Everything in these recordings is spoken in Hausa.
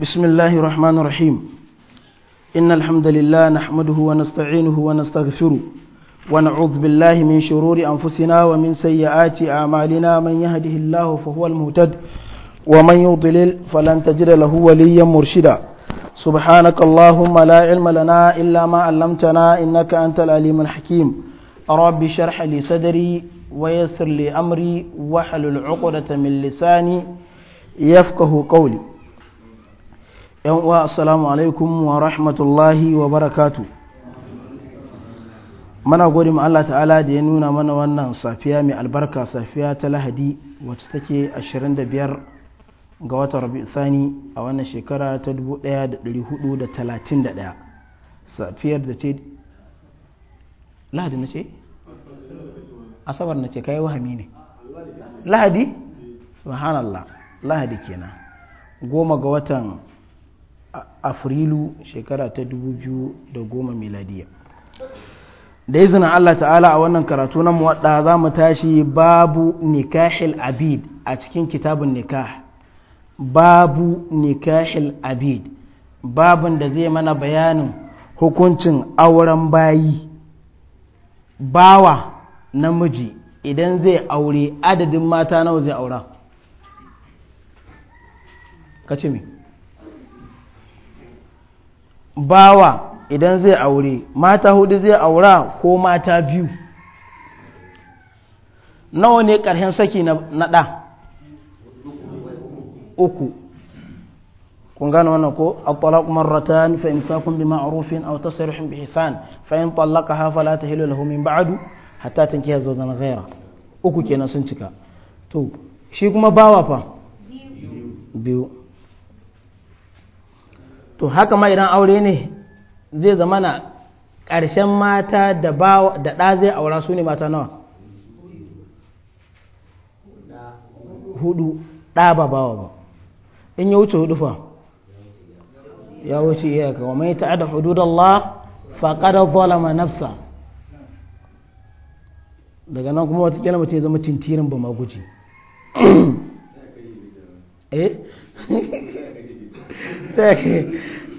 بسم الله الرحمن الرحيم إن الحمد لله نحمده ونستعينه ونستغفره ونعوذ بالله من شرور أنفسنا ومن سيئات أعمالنا من يهده الله فهو المهتد ومن يضلل فلن تجد له وليا مرشدا سبحانك اللهم لا علم لنا إلا ما علمتنا إنك أنت العليم الحكيم رب شرح لي صدري ويسر لي أمري وحل العقدة من لساني يفقه قولي yan uwa assalamu alaikum wa rahmatullahi wa barakatu mana godin Allah ta'ala da ya nuna mana wannan safiya mai albarka safiya ta lahadi wacce take 25 ga watan rabi sani a wannan shekara ta 1431 safiyar da ce lahadi na ce? asabar na ce kai wahami ne lahadi? subhanallah lahadi kenan goma ga watan afrilu shekara ta da goma miladiya da izina Allah ta'ala a wannan karatu na muwadda za mu tashi babu nikahil abid a cikin kitabun nikah babu nikahil abid babun da zai mana bayanin hukuncin auren bayi bawa namiji idan zai aure adadin mata nawa zai aura ka ce bawa idan zai aure mata hudu zai aura ko mata biyu nawa ne ƙarshen saki na ɗa uku kun gane wannan ko at-talaq marratan fa imsakun bi ma'rufin aw tasrihun bi ihsan fa in talaqaha fala tahilu lahu min ba'du hatta tankiha zawjan ghayra uku kenan sun cika to shi kuma bawa fa biyu to haka ma idan aure ne zai zama na ƙarshen mata da ɗa zai aura su ne mata nawa hudu ɗa ba bawa ba in ya wuce hudu fa ya wuce iya ka wa mai ta'ada hududallah faqad zalama nafsa daga nan kuma wata mutum ya zama tintirin ba ma guji eh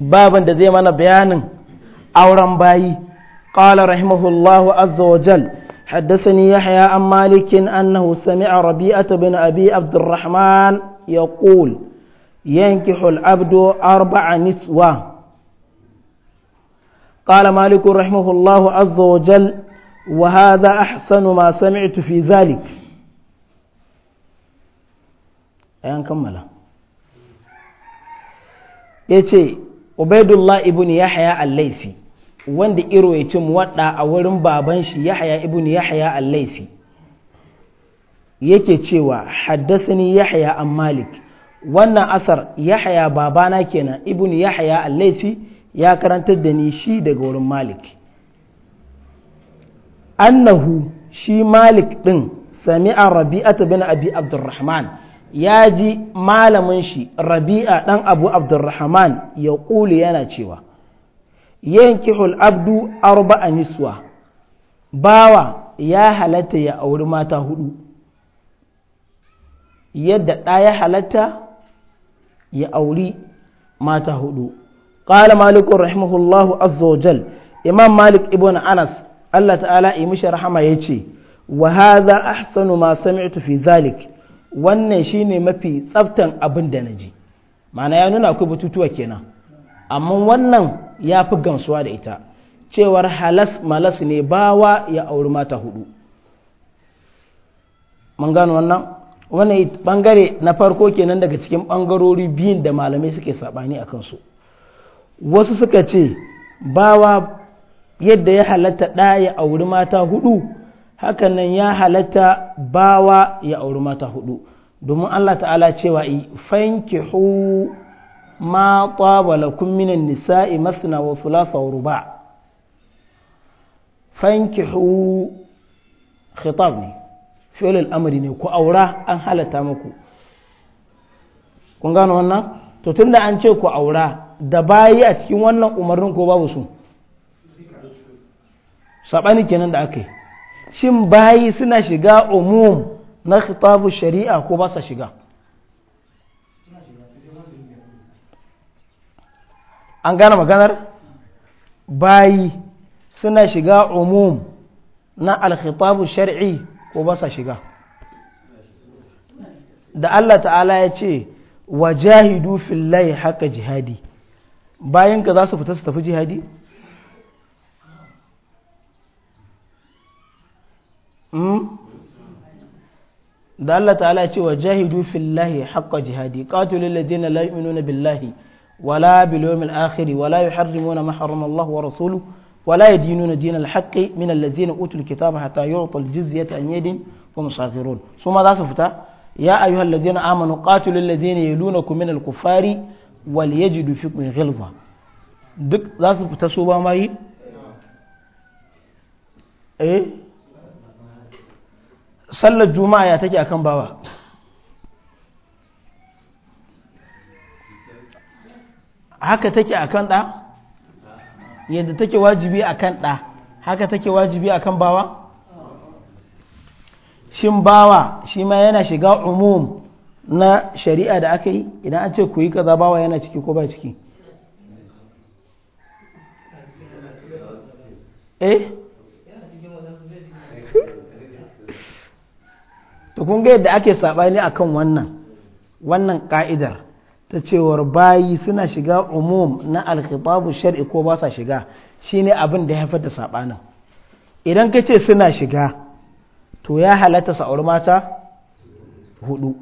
baban da zai mana bayanin auren bayi qala rahimahullahu azza wa jal حدثني يحيى عن مالك أنه سمع ربيعة بن أبي عبد الرحمن يقول ينكح العبد أربع نسوة قال مالك رحمه الله عز وجل وهذا أحسن ما سمعت في ذلك أيان كملا يتي ubaidullah ibn yahya al-laisi wanda iro ya ci muwadda a wurin baban shi yahya ibn yahya al-laisi yake cewa haddasani yahya an malik wannan asar yahya babana kenan ibn yahya al-laisi ya karantar da ni shi daga wurin malik annahu shi malik din sami'a rabi'atu bin abi abdurrahman ya ji malamin shi rabi'a ɗan abu abdurrahman ya ƙuli yana cewa hul abdu arba'a niswa bawa ya halatta ya auri mata hudu yadda ɗaya halatta ya auri mata hudu ƙala malikun rahimahullahu azzawajal imam malik ibn anas allah ta'ala imishi rahama ya ce wa haza ahsanu ma sami'tu fi zalik wannan shine mafi tsaftan abin da na ji ma'ana ya nuna akwai batutuwa kenan amma wannan ya fi gamsuwa da ita cewar halas malas ne bawa ya auri mata hudu mun gano wannan wannan bangare na farko kenan daga cikin bangarori biyun da malamai suke sabani a kansu wasu suka ce bawa yadda ya halatta ɗaya ya auri mata hudu hakan nan ya halatta bawa ya auri mata hudu domin Allah ta'ala cewa fankihu ma taba lakum nisa'i masna wa thulatha wa ruba fankihu khitab ne al ne ku aura an halatta muku kun gano wannan to tunda an ce ku aura da bayi a cikin wannan umarnin ko babu su saɓani kenan da aka yi shin bayi suna shiga umum na khitabu shari'a ko ba sa shiga an gane maganar bayi suna shiga umum na alkhitabu shar'i ko ba sa shiga da Allah ta'ala ya ce wa jahidu fillahi haka jihadi bayan ka za su fita su tafi jihadi da Allah ta'ala ce wa jahidu fillahi haqqa jihadi qatilul ladina la yu'minuna billahi wala bil yawmil akhir wala yuharrimuna ma harrama Allah wa rasuluhu wala yadinuna al haqqi min alladhina utul kitaba hatta yu'tu al jizyata an yadin wa musafirun suma za su fita ya ayyuhal ladina amanu qatilul ladina yalunakum min al kufari wal yajidu fikum ghilza duk za su fita su ba mai eh sallar juma'a ya take akan bawa haka take akan ɗa yadda take wajibi akan ɗa haka take wajibi akan bawa shin bawa shi ma yana shiga umum na shari'a da aka yi idan an ce ku yi kaza bawa yana ciki ko ba ciki eh to kun ga yadda ake sabani kan wannan wannan ka'idar ta cewar bayi suna shiga umum na alkhitabu shar'i ko ba sa shiga shine abin da ya haifar da sabanin idan ka ce suna shiga to ya halatta sa'ur mata hudu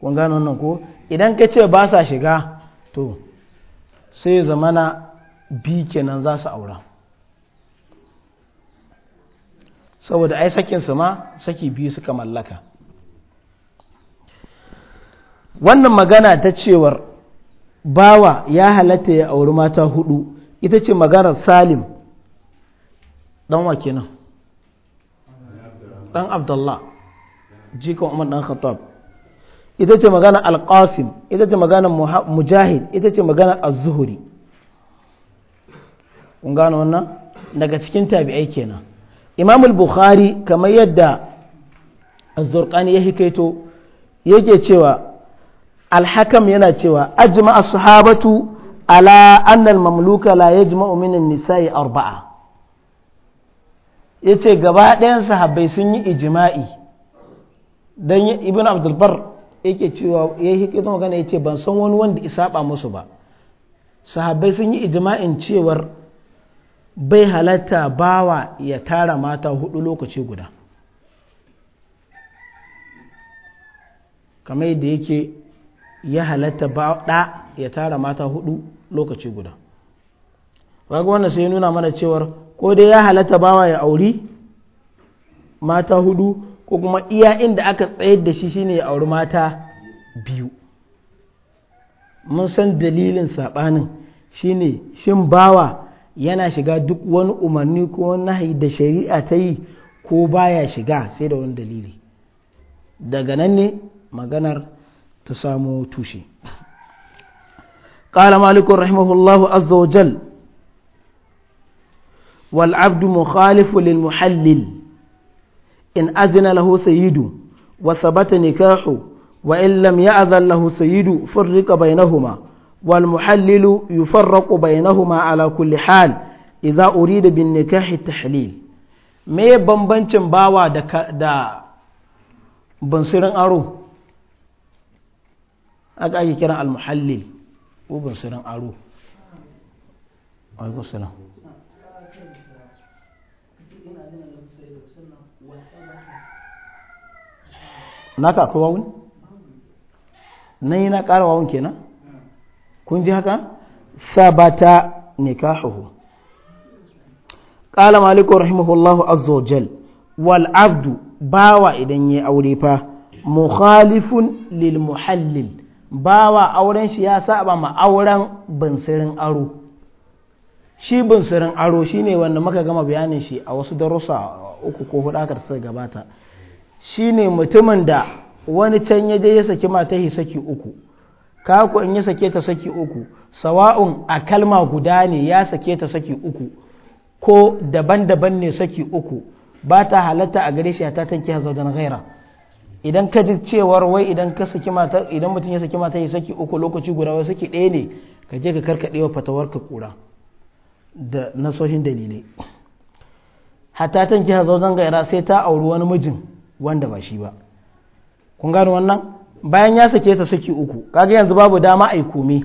kun gano wannan ko idan ka ce ba sa shiga to sai zamana bi kenan za su aura saboda ai sakinsu ma saki biyu suka mallaka wannan magana ta cewar bawa ya halatta ya auri mata hudu ita ce maganar salim dan wa kenan dan abdullah jikan umar dan khattab ita ce magana alqasim ita ce magana mujahid ita ce magana az-zuhri kun gano wannan daga cikin tabi'ai kenan imam bukhari kamar yadda azurkani ya hikaito yake cewa alhakam yana cewa ajma'a sahabatu ala annal mamluka la yajma'u min an-nisa'i arba'a yace gaba ɗayan sahabbai sun yi ijma'i dan ibn abdul bar yake cewa ya hikaito magana yace ban san wani wanda isaba musu ba sahabbai sun yi ijma'in cewar bai halatta bawa ya tara mata hudu lokaci guda kamar yadda yake ya halatta ɗa ya tara mata hudu lokaci guda raga wannan sai nuna mana cewar ko dai ya halatta bawa ya auri mata hudu ko kuma iya inda aka tsayar da shi shine ya auri mata biyu mun san dalilin saɓanin shine shin bawa yana shiga duk wani umarni ko wani da shari'a ta yi ko baya shiga sai da wani dalili daga nan ne maganar ta samo tushe ƙala malikun rahimahullahu azza wa jal wal'abdu mukhalifu lil muhallil in azina lahu sayidu wasa nikahu wa illam ya azan lahu sayidu furrika bai na huma والمحلل يفرق بينهما على كل حال إذا أريد بالنكاح التحليل ما me دا bawa da bansirin aro aka ake kiran almuhallil ko bansirin السلام naka akwai wawun na yi na ƙara wawun kenan kun ji haka sabata nikahuhu qala maliku rahimahullahu azza wajal wal abdu bawa idan yayi aure fa mukhalifun lil muhallil bawa auren shi ya saba ma auren binsirin aro shi binsirin aro shine wanda muka gama bayanin shi a wasu darussa uku ko hudu aka suka gabata shine mutumin da wani can ya je ya saki mata saki uku kaku in ya sake ta saki uku sawa'un a kalma guda ne ya sake ta saki uku ko daban-daban ne saki uku ba ta halatta a gare shi ta tanki hazaudan gaira? idan ka ji cewar wai idan ka saki mata idan mutum ya saki mata ya saki uku lokaci guda wai saki ɗaya ne ka je ka karkaɗe wa fatawar ka kura da nasoshin dalilai hatta tanki hazaudan gaira, sai ta auri wani mijin wanda ba shi ba kun gano wannan bayan ya sake ta saki uku kaga yanzu babu dama a yi kome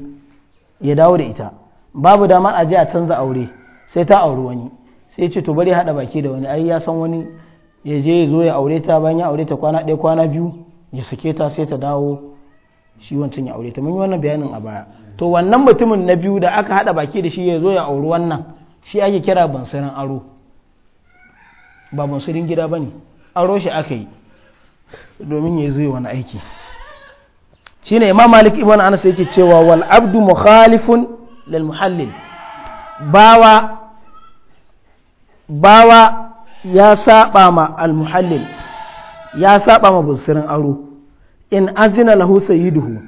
ya dawo da ita babu dama a je a canza aure sai ta auri wani sai ce to bari haɗa baki da wani ai ya san wani ya je ya zo ya aure ta bayan ya aure ta kwana ɗaya kwana biyu ya sake ta sai ta dawo shi wancan ya aure ta mun yi wannan bayanin a baya to wannan mutumin na biyu da aka haɗa baki da shi ya zo ya auri wannan shi ake kira bansarin aro ba bansarin gida ba ne aro shi aka yi domin ya zo ya wani aiki shine imam malik ibn anas yake cewa wal abdu mukhalifun lil muhallil bawa bawa ya saba ma al muhallil ya saba ma busirin aro in azina lahu sayyiduhu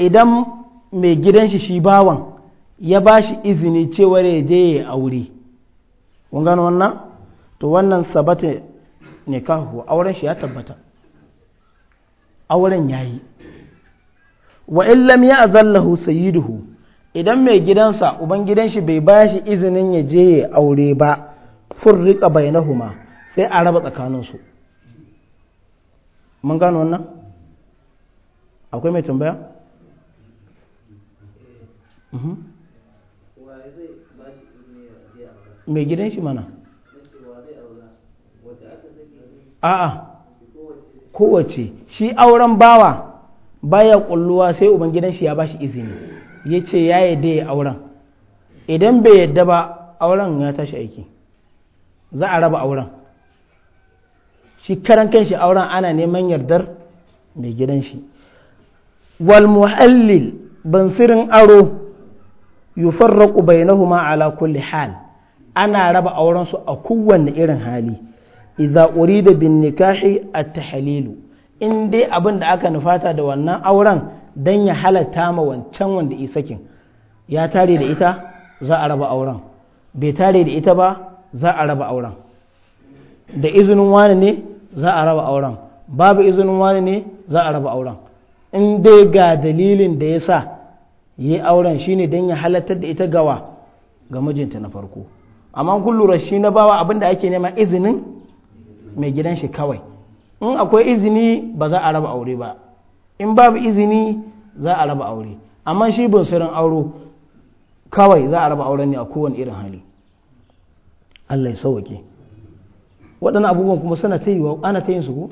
idan mai gidan shi shi bawan ya ba shi izini cewa ya je ya aure kun gano wannan to wannan sabata ne kahu auren shi ya tabbata auren yayi wa in ya zallahu sayyiduhu idan mai gidansa uban shi bai bashi izinin ya je ya aure ba furriqa bainahuma sai a raba tsakaninsu mun gano wannan akwai mai tambaya mhm. mai gidan shi mana a'a kowace shi auren bawa baya kulluwa sai ubangidan shi ya bashi izini ya ce ya yadda ya auren idan bai yadda ba auren ya tashi aiki za a raba auren shi karan kanshi auren ana neman yardar mai gidan shi wal muhallil bansirin aro yufarraqu bainahuma ala kulli hal ana raba auren su a kowanne irin hali idza urida bin nikahi at-tahlilu in dai abin da aka nufata da wannan auren don ya halatta ma wancan wanda isakin ya tare da ita za a raba auren bai tare da ita ba za a raba auren da izinin wani ne za a raba auren babu izinin wani ne za a raba auren in dai ga dalilin da ya sa yi auren shine don ya halatta da ita gawa ga mijinta na farko amma kullum shi na bawa abin da ake nema izinin mai gidan shi kawai in akwai izini ba za a raba aure ba in babu izini za a raba aure amma shi bunsurin auro kawai za a raba auren ne a kowane irin hali Allah ya sauwake waɗannan abubuwan kuma suna ta yiwa ana ta yin su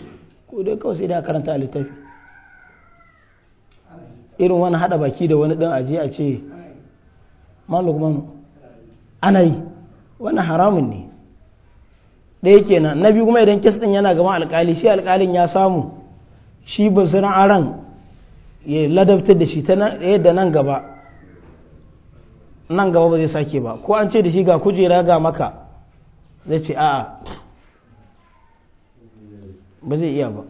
ko dai kawai sai da karanta a littafi irin wani haɗa baki da wani ɗan aji a ce malukman ana yi wani haramun ne ɗaya kenan na biyu kuma idan kes ɗin yana gama alkali shi alkalin ya samu shi basirin aran ya ladabtar da shi ta yadda eh, nan gaba nan gaba ba zai sake ba ko an ce da shi ga kujera ga maka zai ce a'a ba zai iya ba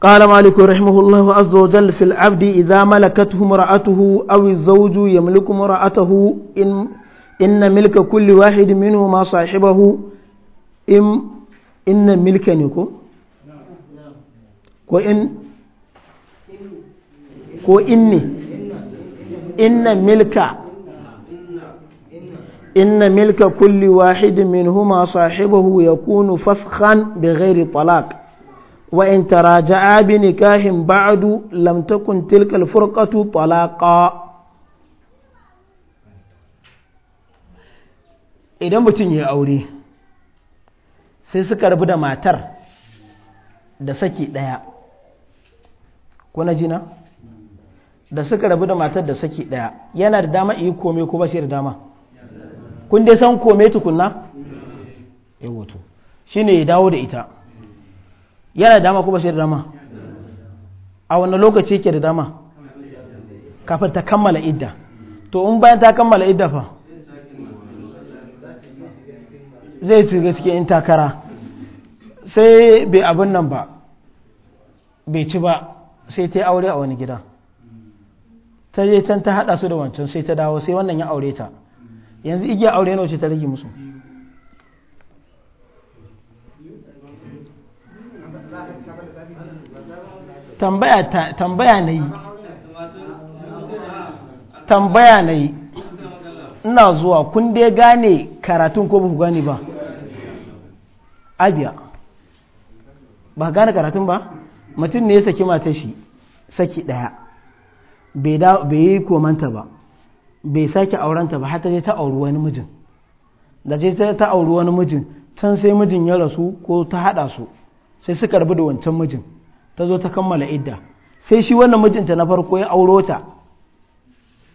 قال مالك رحمه الله عز وجل في العبد إذا ملكته مرأته أو الزوج يملك مرأته إن ملك كل واحد منهما صاحبه إم إن ملك نكو كو إن كو إني إن ملك إن ملك كل واحد منهما صاحبه يكون فسخا بغير طلاق وإن تراجعا بنكاه بعد لم تكن تلك الفرقة طلاقا idan mutum ya aure sai suka rabu da matar da saki ɗaya kuna jina da suka rabu da matar da saki ɗaya yana da dama iya kome ko ba shi da dama kun dai san kome tukunna ya wato shi ne ya dawo da ita yana da dama ko ba shi da dama a wani lokaci yake da dama kafin ta kammala idda to in bayan ta kammala idda fa zai shiga cikin in takara sai bai abin nan ba bai ci ba sai ta yi aure a wani gida ta je can ta haɗa su da wancan sai ta dawo sai wannan ya aure ta yanzu igiya aure nawa ce ta rage musu tambaya na yi tambaya na yi ina zuwa kun dai gane karatun ko ba ku gane ba abiya ba gane karatun ba mutum ne ya saki mata shi saki ɗaya bai yi komanta ba bai sake aurenta ba har ta je ta auri wani mijin da je ta auri wani mijin can sai mijin ya rasu ko ta haɗa su sai suka rabu da wancan mijin ta zo ta kammala idda sai shi wannan mijinta na farko ya auro ta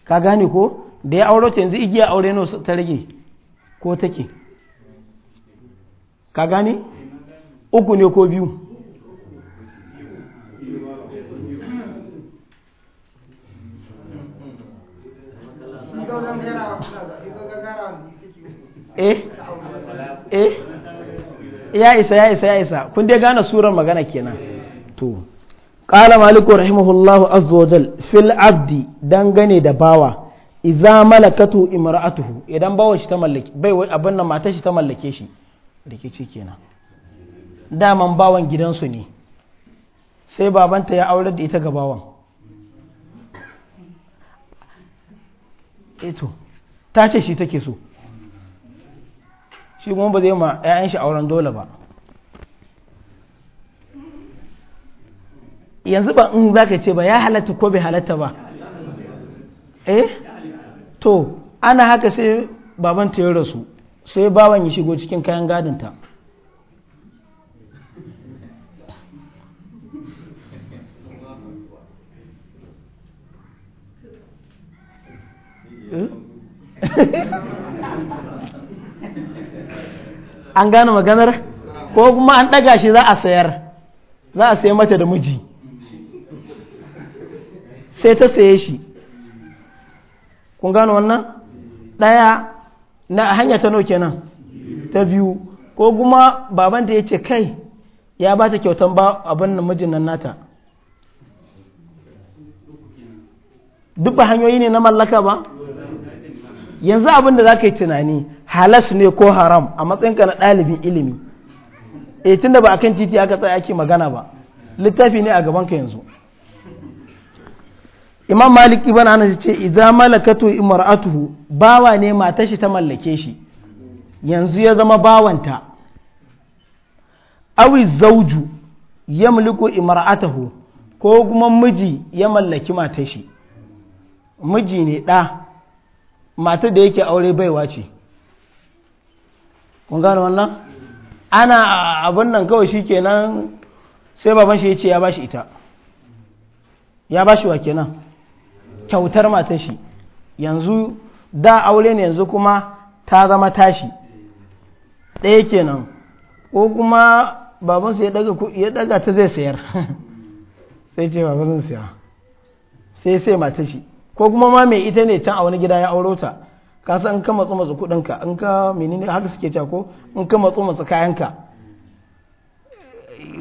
ka gane ko da ya auro ta yanzu igiya aure nawa ta rage ko take ka gane uku ne ko biyu eh eh ya isa ya isa ya isa kun dai gane surar magana kenan to qala maliku rahimahullahu azza wajal fil abdi dangane da bawa idza malakatu imra'atuhu idan bawa shi ta mallake bai abin nan matar shi ta mallake shi rikici kenan daman bawan gidansu ne sai babanta ya aurar da ita ga bawan eto eh ta ce shi take so shi kuma ba zai ma 'ya'yan shi auren dole ba yanzu ba in za ka ce ba ya halatta ko bai halatta ba eh to ana haka sai babanta ya rasu sai bawan ya shigo cikin kayan gadinta eh? an gane maganar ko kuma an ɗaga shi za a sayar za a sayi mata da miji sai ta saye shi kun gano wannan ɗaya na hanya ta nauke nan ta biyu ko kuma babanta ya ce kai ya ba ta kyautan ba abin da mijin nan nata duk ba hanyoyi ne na mallaka ba yanzu abin da za ka yi tunani halas ne ko haram a matsayin ka na ɗalibin ilimi e tunda ba akan titi aka tsaye ake magana ba littafi ne a gabanka yanzu imam malik ibn anas ce idan malakatu imra'atuhu bawa ne matar shi ta mallake shi yanzu ya zama bawanta awi zauju ya mulku ko kuma miji ya mallaki matar shi miji ne ɗa matar da yake aure baiwa ce kun gane wannan ana abin nan kawai shi sai baban shi ya ce ya bashi ita ya bashi wa kenan kyautar matar shi yanzu da aure ne yanzu kuma ta zama tashi ɗaya kenan ko kuma babansu ya daga ta zai sayar sai ce babansu siya sai sai mata shi ko kuma ma mai ita ne can a wani gida ya auro ta ka san in ka matsu matsu kudinka in ka menene haka suke cako ko in ka matsu matsu kayanka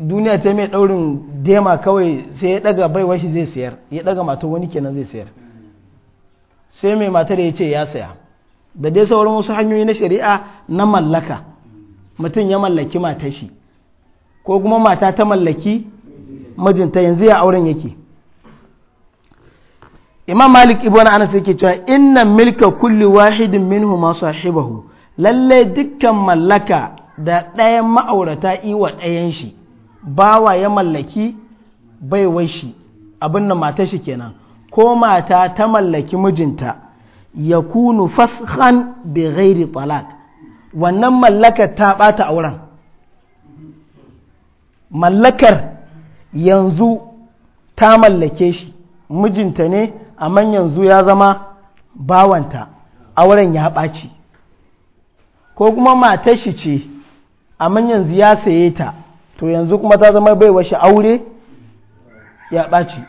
duniya ta mai daurin dema kawai sai ya daga baiwa shi zai sayar ya daga mata wani kenan zai sayar sai mai matar ya ce ya saya da dai sauran wasu hanyoyi na shari'a na mallaka mutum ya mallaki mata shi ko kuma mata ta mallaki mijinta yanzu ya auren yake imam malik ibn anas yake cewa inna milka kulli wahidin masu sahibahu lallai dukkan mallaka da ɗayan ma'aurata iwa ɗayan shi bawa ya mallaki baiwar shi abin da matar shi kenan ko mata ta mallaki mijinta ya kunu fashan bai gairi talaq wannan mallakar ta bata auren mallakar yanzu ta mallake shi mijinta ne amma yanzu ya zama bawanta auren ya ɓaci ko kuma mata shi ce amma yanzu ya saye ta to yanzu kuma ta zama baiwa shi aure ya ɓaci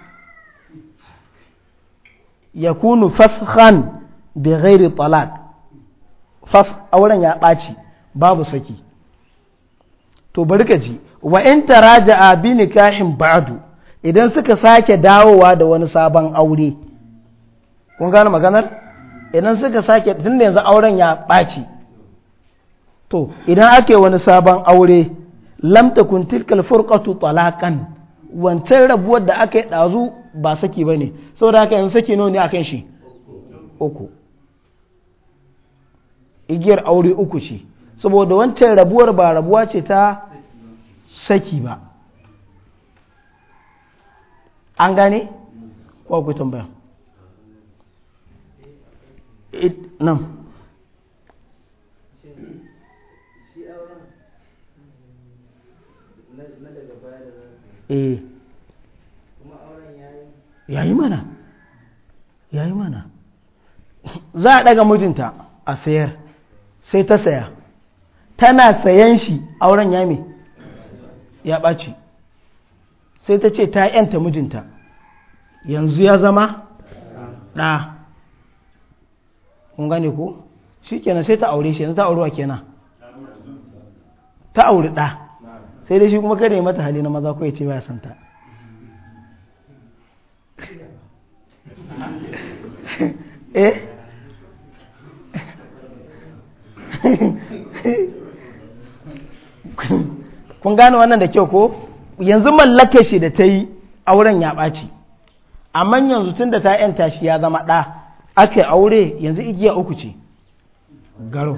ya kunu fashan bi ghairi talaq fas auren ya ɓaci babu saki to bari ka ji wa in taraja'a bi nikahin ba'du idan suka sake dawowa da wani sabon aure kun gane maganar idan suka sake tun yanzu auren ya ɓaci to idan ake wani sabon aure lam takun tilkal furqatu talaqan wancan rabuwar da aka yi dazu ba saki bane saboda haka yanzu saki nawa ne akan shi uku igiyar aure uku ce saboda wancan rabuwar ba rabuwa ce ta saki ba an gane ko ku tambaya nan eh yayi mana yayi mana za a daga mijinta a sayar sai ta saya tana sayan shi auren ya mai ya ɓaci sai ta ce ta yanta mijinta yanzu ya zama ɗa kun gane ko shi kenan sai ta aure shi yanzu ta aurewa kenan ta aure ɗa sai dai shi kuma kare mata hali na maza kawai ya ce ba santa eh kun gane wannan da kyau ko yanzu mallake shi da ta yi auren ya ɓaci amma yanzu tun da ta yanta shi ya zama ɗa aka aure yanzu igiya uku ce garo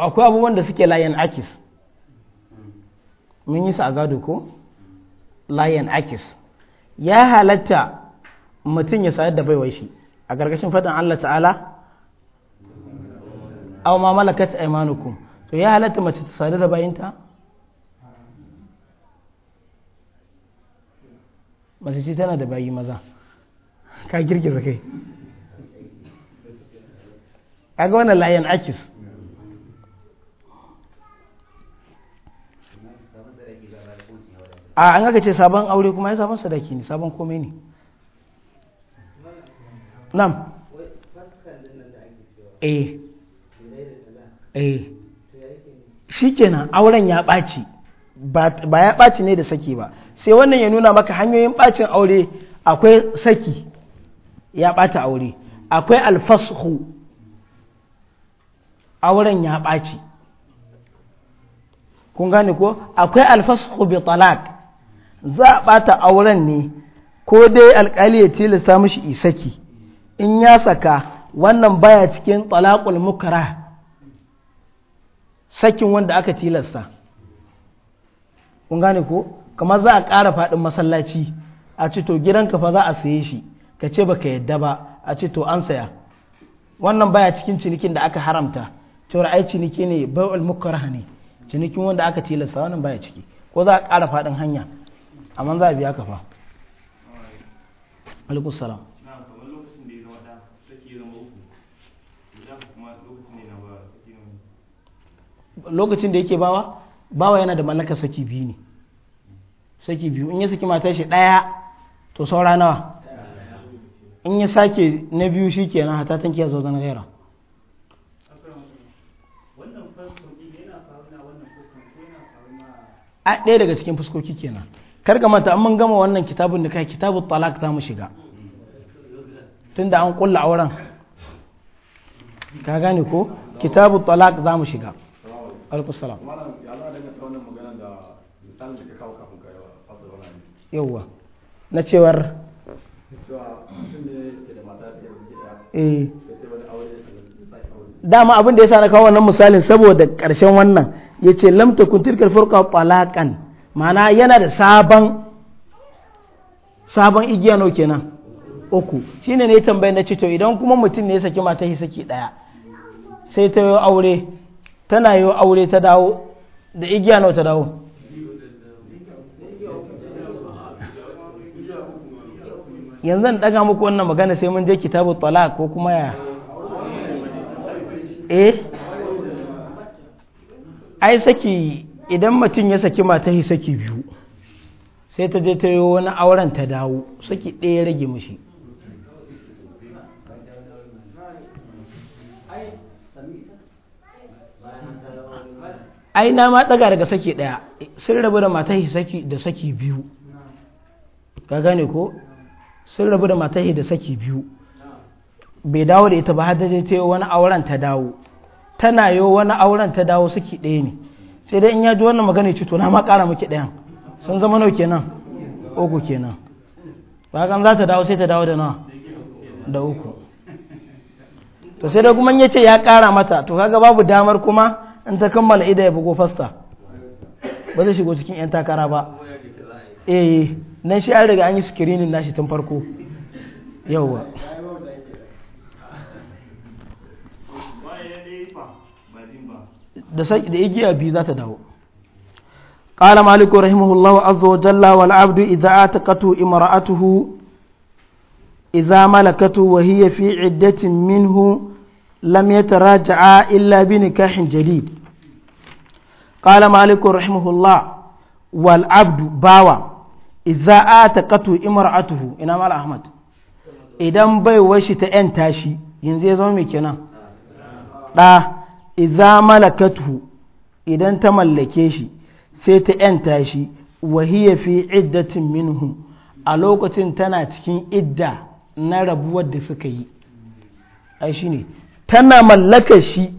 akwai abubuwan da suke layan akis mun yi sa a gado ko layan akis ya halatta mutum ya sayar da baiwai shi a gargashin faɗin Allah ta'ala aw ma malakat aymanukum to ya halatta mace ta sayar da bayinta mace ce tana da bayi maza ka girgiza kai kaga wannan layan akis a an aka ce sabon aure kuma ya sabon sadaki ne sabon komai ne nam eh eh kenan auren ya ɓaci ba ya ɓaci ne da saki ba sai wannan ya nuna maka hanyoyin ɓacin aure akwai saki ya ɓata aure akwai alfashu auren ya ɓaci kun gane ko akwai alfashu bi talak. za a ɓata auren ne ko dai alƙali ya tilasta mishi isaki in ya saka wannan baya cikin talaqul mukara sakin wanda aka tilasta kun gane ko kamar za a ƙara faɗin masallaci a ce to gidanka fa za a saye shi ka ce baka yadda ba a ce to an saya wannan baya cikin cinikin da aka haramta cewar ai ciniki ne bai'ul mukarah ne cinikin wanda aka tilasta wannan baya ciki ko za a ƙara faɗin hanya amma za a biya ka fa alikussalam salam lokacin da yake bawa bawa yana da mallaka saki biyu ne saki biyu in ya saki mata shi ɗaya to saura nawa in ya sake na biyu shi ke nan hatatan kiyar zan gaira a ɗaya daga cikin fuskoki kenan kar ka manta an mun gama wannan kitabun da kai kitabun talak za mu shiga tunda an kulla auren ka gane ko kitabu talak za mu shiga alkusalam yauwa na cewar eh. dama abin da ya sa na kawo wannan misalin saboda karshen wannan ya ce lamta kuntir kalfar talakan mana yana da sabon sabon igiya no kenan uku shine ne tambayi na ce to idan kuma mutum ne ya saki mata shi saki daya sai ta yi aure tana yi aure ta dawo da igiya no ta dawo yanzu an daga muku wannan magana sai mun je kitabu talak ko kuma ya eh ai saki idan mutum ya saki mata yi saki biyu sai ta je ta yi wani auren ta dawo saki ɗaya rage mushi ai na ma ɗaga daga saki ɗaya sun rabu da mata yi saki da saki biyu ka gane ko sun rabu da mata yi da saki biyu bai dawo da ita ba har ta je ta yi wani auren ta dawo tana yi wani auren ta dawo saki ɗaya ne sai dai in ya ji wannan magana ce to na ma ƙara miki ɗayan sun zama nau kenan uku kenan ba za ta dawo sai ta dawo da nawa da uku to sai dai kuma ya ce ya kara mata to kaga babu damar kuma in ta kammala ida ya bugo fasta ba zai shigo cikin 'yan takara ba eh, eh. nan shi an riga an yi screening nashi tun farko yauwa da igiya biyu za ta dawo قال مالك رحمه الله عز وجل والعبد إذا أعتقته امرأته إذا ملكته وهي في عدة منه لم يتراجع إلا بنكاح جديد قال مالك رحمه الله والعبد باوى إذا آتقته امرأته إنا مال أحمد إذا بي وشي تأنتاشي ينزي زومي كنا idza malakatuhu idan ta mallake shi sai ta ‘yanta shi wahiya fi iddatin minhu a lokacin tana cikin idda na rabuwar da suka yi ai shi ne tana mallakar shi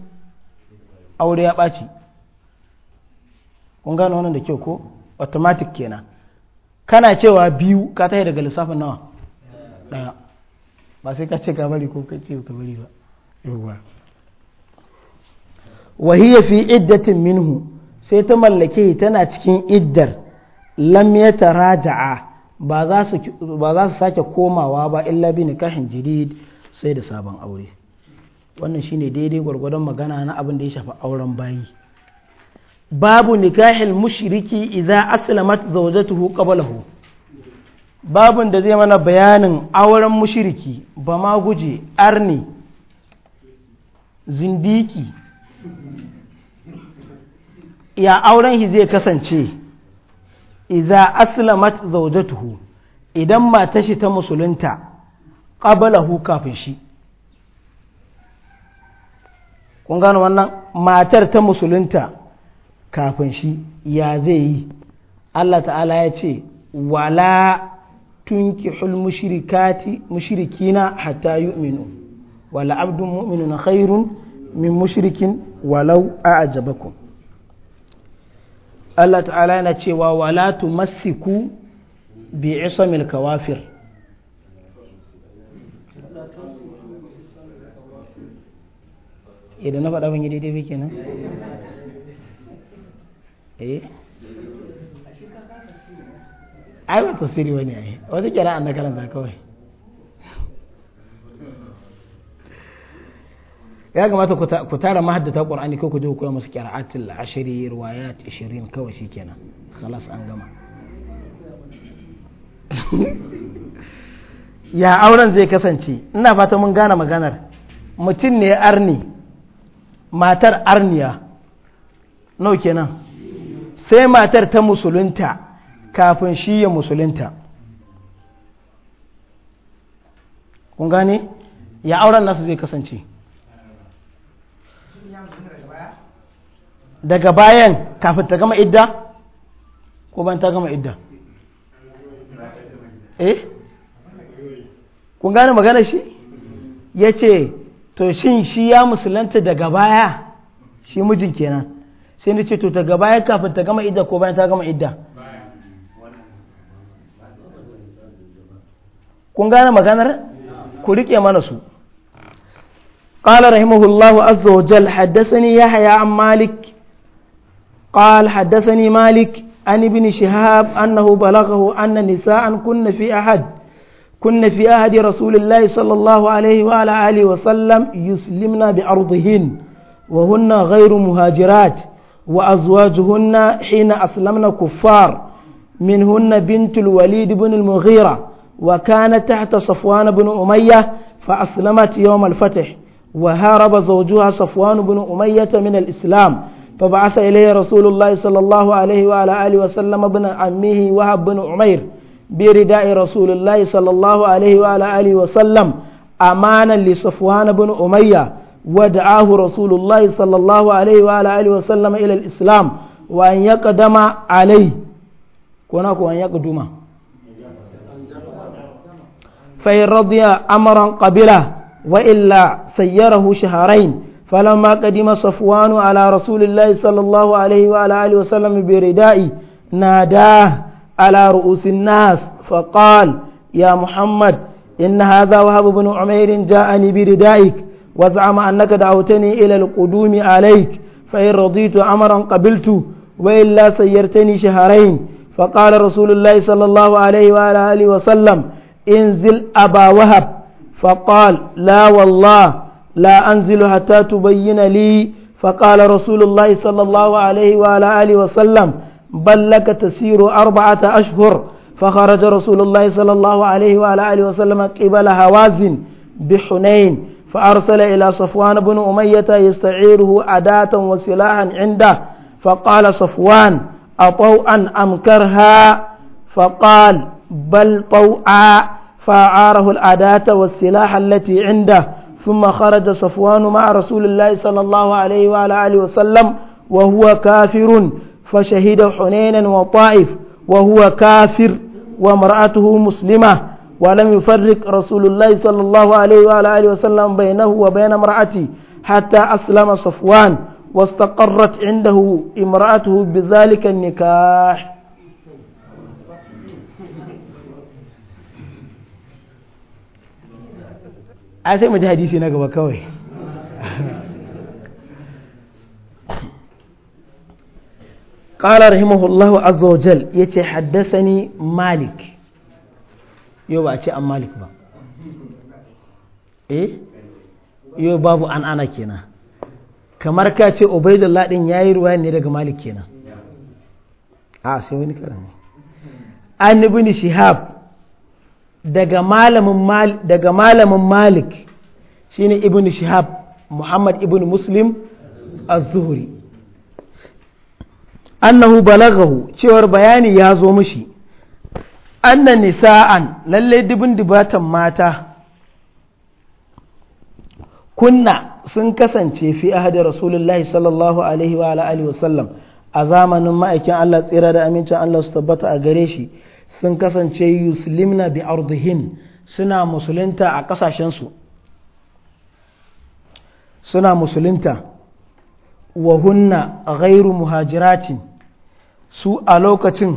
aure ya ɓaci kun gano wannan da kyau ko automatic kenan kana cewa biyu ka tahi daga lissafin nawa ɗaya ba sai ka ce ka bari ko ka ce ka bari ba yawwa wa hiya fi iddatin minhu sai ta mallake tana cikin iddar lam ta raja'a ba za su sake komawa ba illa bi nikahin jirid sai da sabon aure wannan shi ne daidai gwargwadon magana na abin da ya shafi auren bayi babu nikahil mushiriki idza aslamat zawjatuhu qablahu babun da zai mana bayanin auren mushiriki ba ma guje arni zindiki ya auren shi zai kasance idza aslamat zawjatuhu idan mata shi ta musulunta qabalahu kafin shi kun gano wannan matar ta musulunta kafin shi ya zai yi Allah ta'ala ya ce wala hul mushrikati mushrikina hatta yu'minu wala abdun mu'minun khairun min mushrikin walau a a'jabakum Allah ta'ala yana cewa wala tumassiku bi isamil kawafir idan eh, na faɗa ban yi daidai nan eh ai ba tasiri wani ai wata kira an na karanta kawai ya kamata ku tara mahaddata qur'ani ko ku je ku koya musu qira'atul ashri riwayat 20 kawai shikenan khalas an gama ya auren zai kasance ina fata mun gane maganar mutum ne arni matar arniya nau kenan sai matar ta musulunta kafin shi ya musulunta kun gane ya auren nasu zai kasance daga bayan kafin ta gama idda ko bayan ta gama idda eh kun gane magana shi ya ce to shin shi ya musulanta daga baya shi mijin kenan sai ni ce to daga baya kafin ta gama idda ko bayan ta gama idda kun gane maganar ku rike mana su قال رحمه الله عز وجل حدثني يحيى عن مالك قال حدثني مالك عن ابن شهاب أنه بلغه أن نساء كن في أحد كن في أحد رسول الله صلى الله عليه وعلى آله وسلم يسلمن بأرضهن وهن غير مهاجرات وأزواجهن حين أسلمن كفار منهن بنت الوليد بن المغيرة وكانت تحت صفوان بن أمية فأسلمت يوم الفتح وهرب زوجها صفوان بن أمية من الإسلام فبعث إليه رسول الله صلى الله عليه وعلى آله وسلم ابن عمه وهب بن عمير برداء رسول الله صلى الله عليه وعلى آله وسلم أمانا لصفوان بن أمية ودعاه رسول الله صلى الله عليه وعلى آله وسلم إلى الإسلام وأن يقدم عليه كونك أن يقدم فإن رضي أمرا قبله وإلا سيره شهرين فلما قدم صفوان على رسول الله صلى الله عليه وعلى آله وسلم برداء ناداه على رؤوس الناس فقال يا محمد إن هذا وهب بن عمير جاءني بردائك وزعم أنك دعوتني إلى القدوم عليك فإن رضيت أمرا قبلت وإلا سيرتني شهرين فقال رسول الله صلى الله عليه وعلى آله وسلم انزل أبا وهب فقال لا والله لا أنزل حتى تبين لي فقال رسول الله صلى الله عليه وعلى آله وسلم بل لك تسير أربعة أشهر فخرج رسول الله صلى الله عليه وعلى آله وسلم قبل هوازن بحنين فأرسل إلى صفوان بن أمية يستعيره أداة وسلاحا عنده فقال صفوان أطوءا أم كرها فقال بل طوعا فأعاره الأداة والسلاح التي عنده ثم خرج صفوان مع رسول الله صلى الله عليه وعلى آله وسلم وهو كافر فشهد حنينا وطائف وهو كافر وامرأته مسلمة ولم يفرق رسول الله صلى الله عليه وعلى آله وسلم بينه وبين امرأته حتى أسلم صفوان واستقرت عنده امرأته بذلك النكاح a sai mu ji hadisi na gaba kawai ƙala rahimahullah azawajal ya ce haddasa ni malik yo ba a ce an malik ba eh yo babu an ana kenan kamar ka ce obaidun laɗin ya yi ruwa ne daga malik kenan a sai wani karami an nubi shihab daga malamin malik shine ibn shihab muhammad ibn muslim az-zuhri annahu balagahu cewar bayani ya zo mishi anna nisa'an lallai dubin dubatan mata kunna sun kasance fi ahadi rasulullahi sallallahu alaihi wa alihi wasallam a zamanin ma'aikin Allah tsira da amincin Allah su tabbata a gare shi sun kasance yuslimna bi ardihin suna musulunta a su suna musulunta wa hunna ghairu muhajiratin su a lokacin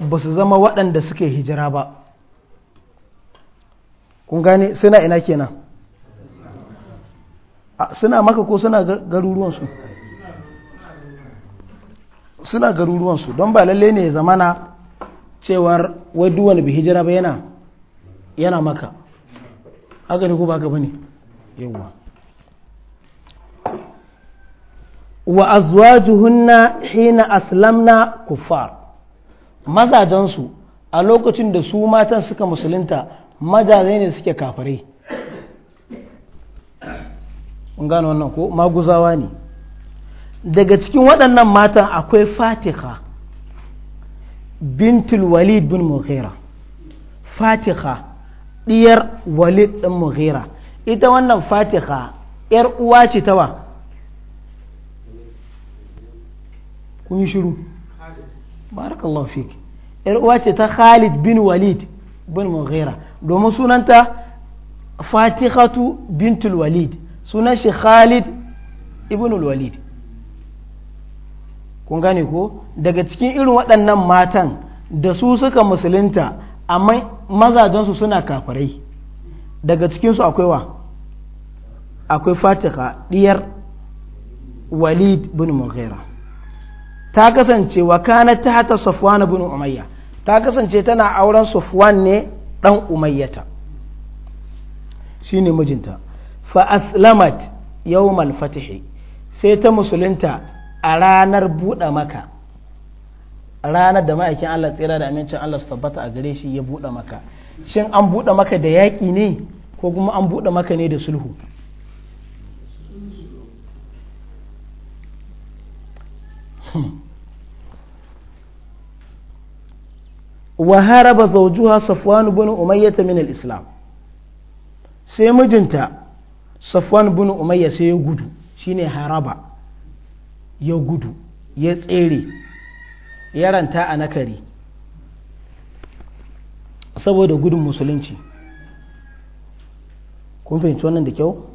ba su zama waɗanda suke hijira ba kun gane suna ina kenan suna maka ko suna garuruwansu suna garuruwansu don ba lalle ne ya zamana cewar wai wani bi hijira ba yana yana maka haka ne ko ba ka bane yawa wa azwajuhunna hina aslamna kuffar mazajensu a lokacin da su matan suka musulunta majazai ne suke kafirai kun gane wannan ko maguzawa ne daga cikin waɗannan matan akwai fatiha بنت الوليد بن مغيرة فاتحة دير وليد بن مغيرة إذا وانا فاتخة ير واتي توا كوني شروع بارك الله فيك ير واتي تا خالد بن وليد بن مغيرة دوما سونا انت فاتحة بنت الوليد سونا شي خالد ابن الوليد kun gane ko daga cikin irin waɗannan matan da su suka musulunta amma mazajensu suna kafirai daga cikinsu akwai wa akwai fatiha ɗiyar walid bin mughira ta kasance wa kana ta hata safwan bin umayya ta kasance tana auren safwan ne dan umayyata shine mijinta fa aslamat yawmal fatihi sai ta musulunta a ranar buɗe maka ranar da ma'aikin Allah tsira da amincin Allah su tabbata a gare shi ya buɗe maka shin an buɗe maka da yaƙi ne ko kuma an buɗe maka ne da sulhu hmm. wa haraba zawjuha safwan bin umayyah min al-islam sai mijinta safwan bin umayyah sai ya gudu shine haraba ya gudu ya tsere ya ranta a nakari saboda gudun musulunci kun fahimci wannan da kyau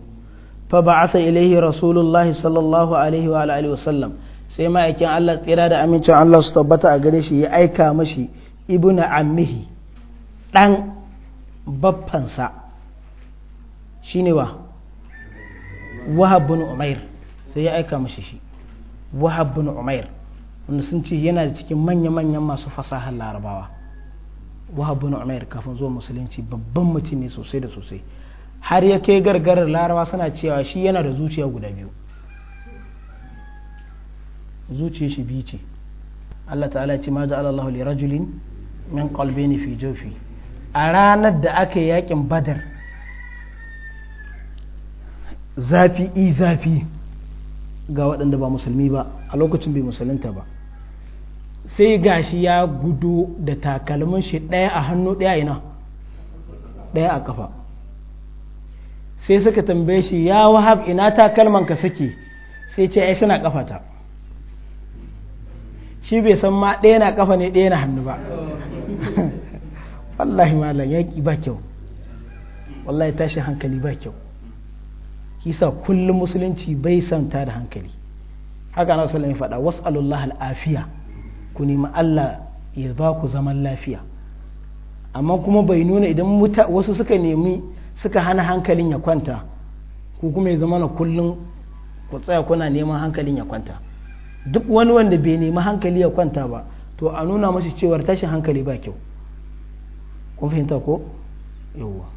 fa ba'atha ilaihi rasulullahi sallallahu alaihi wa alihi wasallam sallam sai ma'aikin Allah tsira da amincin Allah su tabbata a gare shi ya aika mashi ibnu ammihi dan baffansa shine wa wahab bin umair sai ya aika mashi shi wahab bin umair wanda sun ce yana da cikin manya-manyan masu fasahar larabawa wahab bin umair kafin zuwa musulunci babban mutum ne sosai da sosai har ya kai gargarar larabawa suna cewa shi yana da zuciya guda biyu zuciya shi biyu ce Allah ta'ala ce ma ji Allah li rajulin min qalbayni fi jofi. a ranar da aka yi yakin badar zafi i zafi ga waɗanda ba musulmi ba a lokacin bai musulunta ba sai gashi ya gudu da takalmin shi ɗaya a hannu ɗaya ina ɗaya a kafa sai suka tambaye shi ya wahab ina takalman ka saki sai ce ai suna ta shi bai san ma ɗaya na kafa ne ɗaya na hannu ba wallahi malam yaƙi ba kyau wallahi tashi hankali ba kyau kisa kullum musulunci bai santa da hankali haka na sallam ya faɗa was'alullah al'afiya ku nemi Allah ya ba ku zaman lafiya amma kuma bai nuna idan wasu suka nemi suka hana hankalin ya kwanta ku kuma ya zama na kullum ku tsaya kuna neman hankalin ya kwanta duk wani wanda bai nemi hankali ya kwanta ba to a nuna mashi cewar tashin hankali ba kyau kun fahimta ko yawwa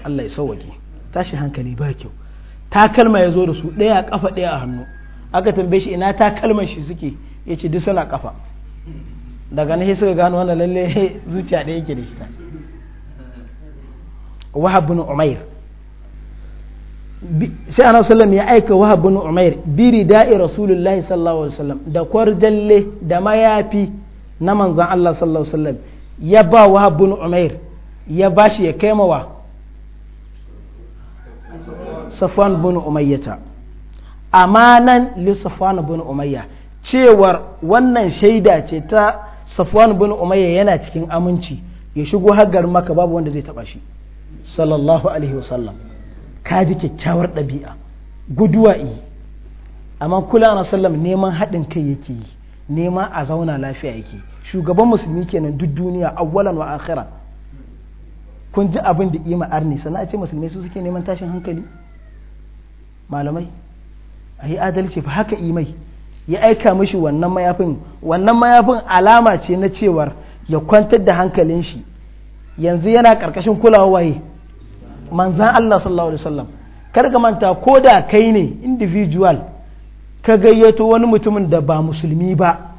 Allah ya sauwake tashi hankali ba kyau takalma ya zo da su ɗaya a kafa ɗaya a hannu aka tambaye shi ina takalman shi suke ya ce duk suna kafa daga nahi suka gano wannan lalle zuciya ɗaya yake da shi wahab bin umair sai ana sallam ya aika wahab bin umair biri da'i rasulullahi sallallahu alaihi wasallam da kwarjalle da mayafi na manzan Allah sallallahu alaihi wasallam ya ba wahab bin umair ya bashi ya kaimawa safwan bin umayyata amanan li safwan bin umayya cewar wannan shaida ce ta safwan bin umayya yana cikin aminci ya shigo haggar maka babu wanda zai taba shi sallallahu alaihi wasallam ka ji kyakkyawar ɗabi'a guduwa yi amma kula na sallam neman haɗin kai yake yi nema a zauna lafiya yake shugaban musulmi kenan duk duniya awwalan wa akhira kun ji abin da ima arni sannan a ce musulmi su suke neman tashin hankali malamai a yi adalci fa haka imai ya aika mashi wannan mayafin wannan mayafin alama ce na cewar ya kwantar da hankalin shi yanzu yana karkashin kulawa waye manzan Allah sallallahu alaihi wasallam kar ka manta ko da kai ne individual ka gayyato wani mutumin da ba musulmi ba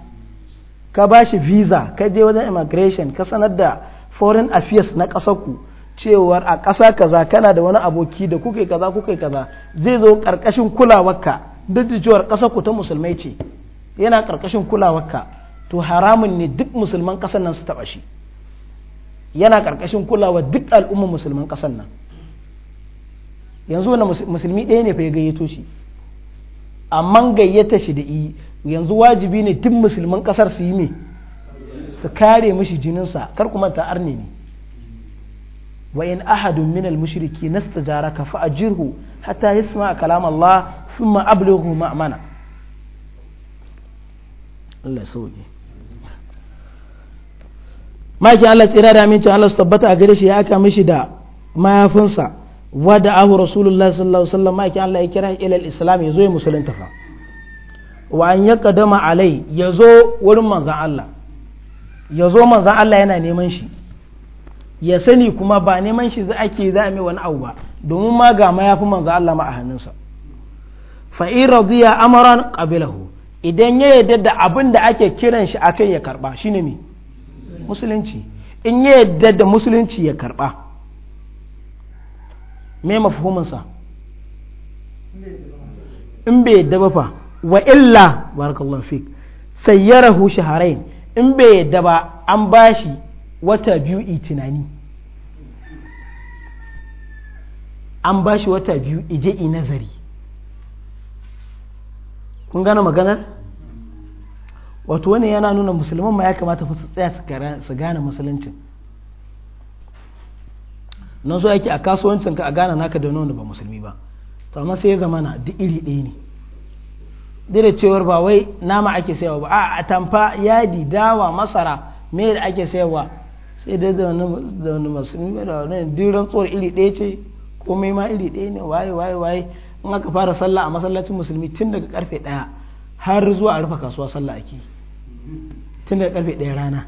ka ba shi visa ka je wajen immigration ka sanar da foreign affairs na ƙasar ku cewar a ƙasa kaza kana da wani aboki da kuke kaza kuke kaza zai zo ƙarƙashin kulawarka duk da cewar ƙasar ku ta musulmai ce yana ƙarƙashin kulawarka to haramun ne duk musulman ƙasar nan su taɓa shi yana ƙarƙashin kulawa duk al'ummar musulman ƙasar nan yanzu wani musulmi ɗaya ne fa ya gayyato shi amma gayyata shi da yi yanzu wajibi ne duk musulman ƙasar su yi me su kare mishi jininsa kar kuma ta arne ne wa in ahadun min al-mushriki nastajaraka fa ajirhu hatta yasma kalam Allah thumma ablighu ma'mana Allah sauke maki Allah tsira da amincin Allah su tabbata a gare shi ya aka mishi da mayafinsa wada ahu rasulullah sallallahu alaihi wasallam maki Allah ya kira ila al-islam yazo ya musulunta fa wa an yaqdama alai yazo wurin Allah Allah yana neman shi ya sani kuma ba neman shi za ake za a mai wani abu ba domin ma ga ma yafi manzo Allah ma a hannunsa fa in radiya amran qabilahu idan ya yarda da abin da ake kiran shi akan ya karba shine me musulunci in ya yarda da musulunci ya karba me mafhumin sa in bai yarda ba fa wa illa barakallahu fik sayyarahu shahrain in bai yarda ba an bashi wata biyu i tunani an ba shi wata biyu ije i nazari kun gane maganar wato wani yana nuna musulman ma ya kamata su tsaya su gane musuluncin nan so yake a kasuwancin ka a gane naka da nuna ba musulmi ba to amma sai ya zama na duk iri ɗaya ne dire cewar ba wai nama ake sayawa ba a tamfa yadi dawa masara me da ake sayawa sai dai da wani musulmi ba da wani diran tsohon iri ɗaya ce komai ma iri ɗaya ne waye waye waye in aka fara sallah a masallacin musulmi tun daga karfe ɗaya har zuwa a rufe kasuwa sallah ake tun daga karfe ɗaya rana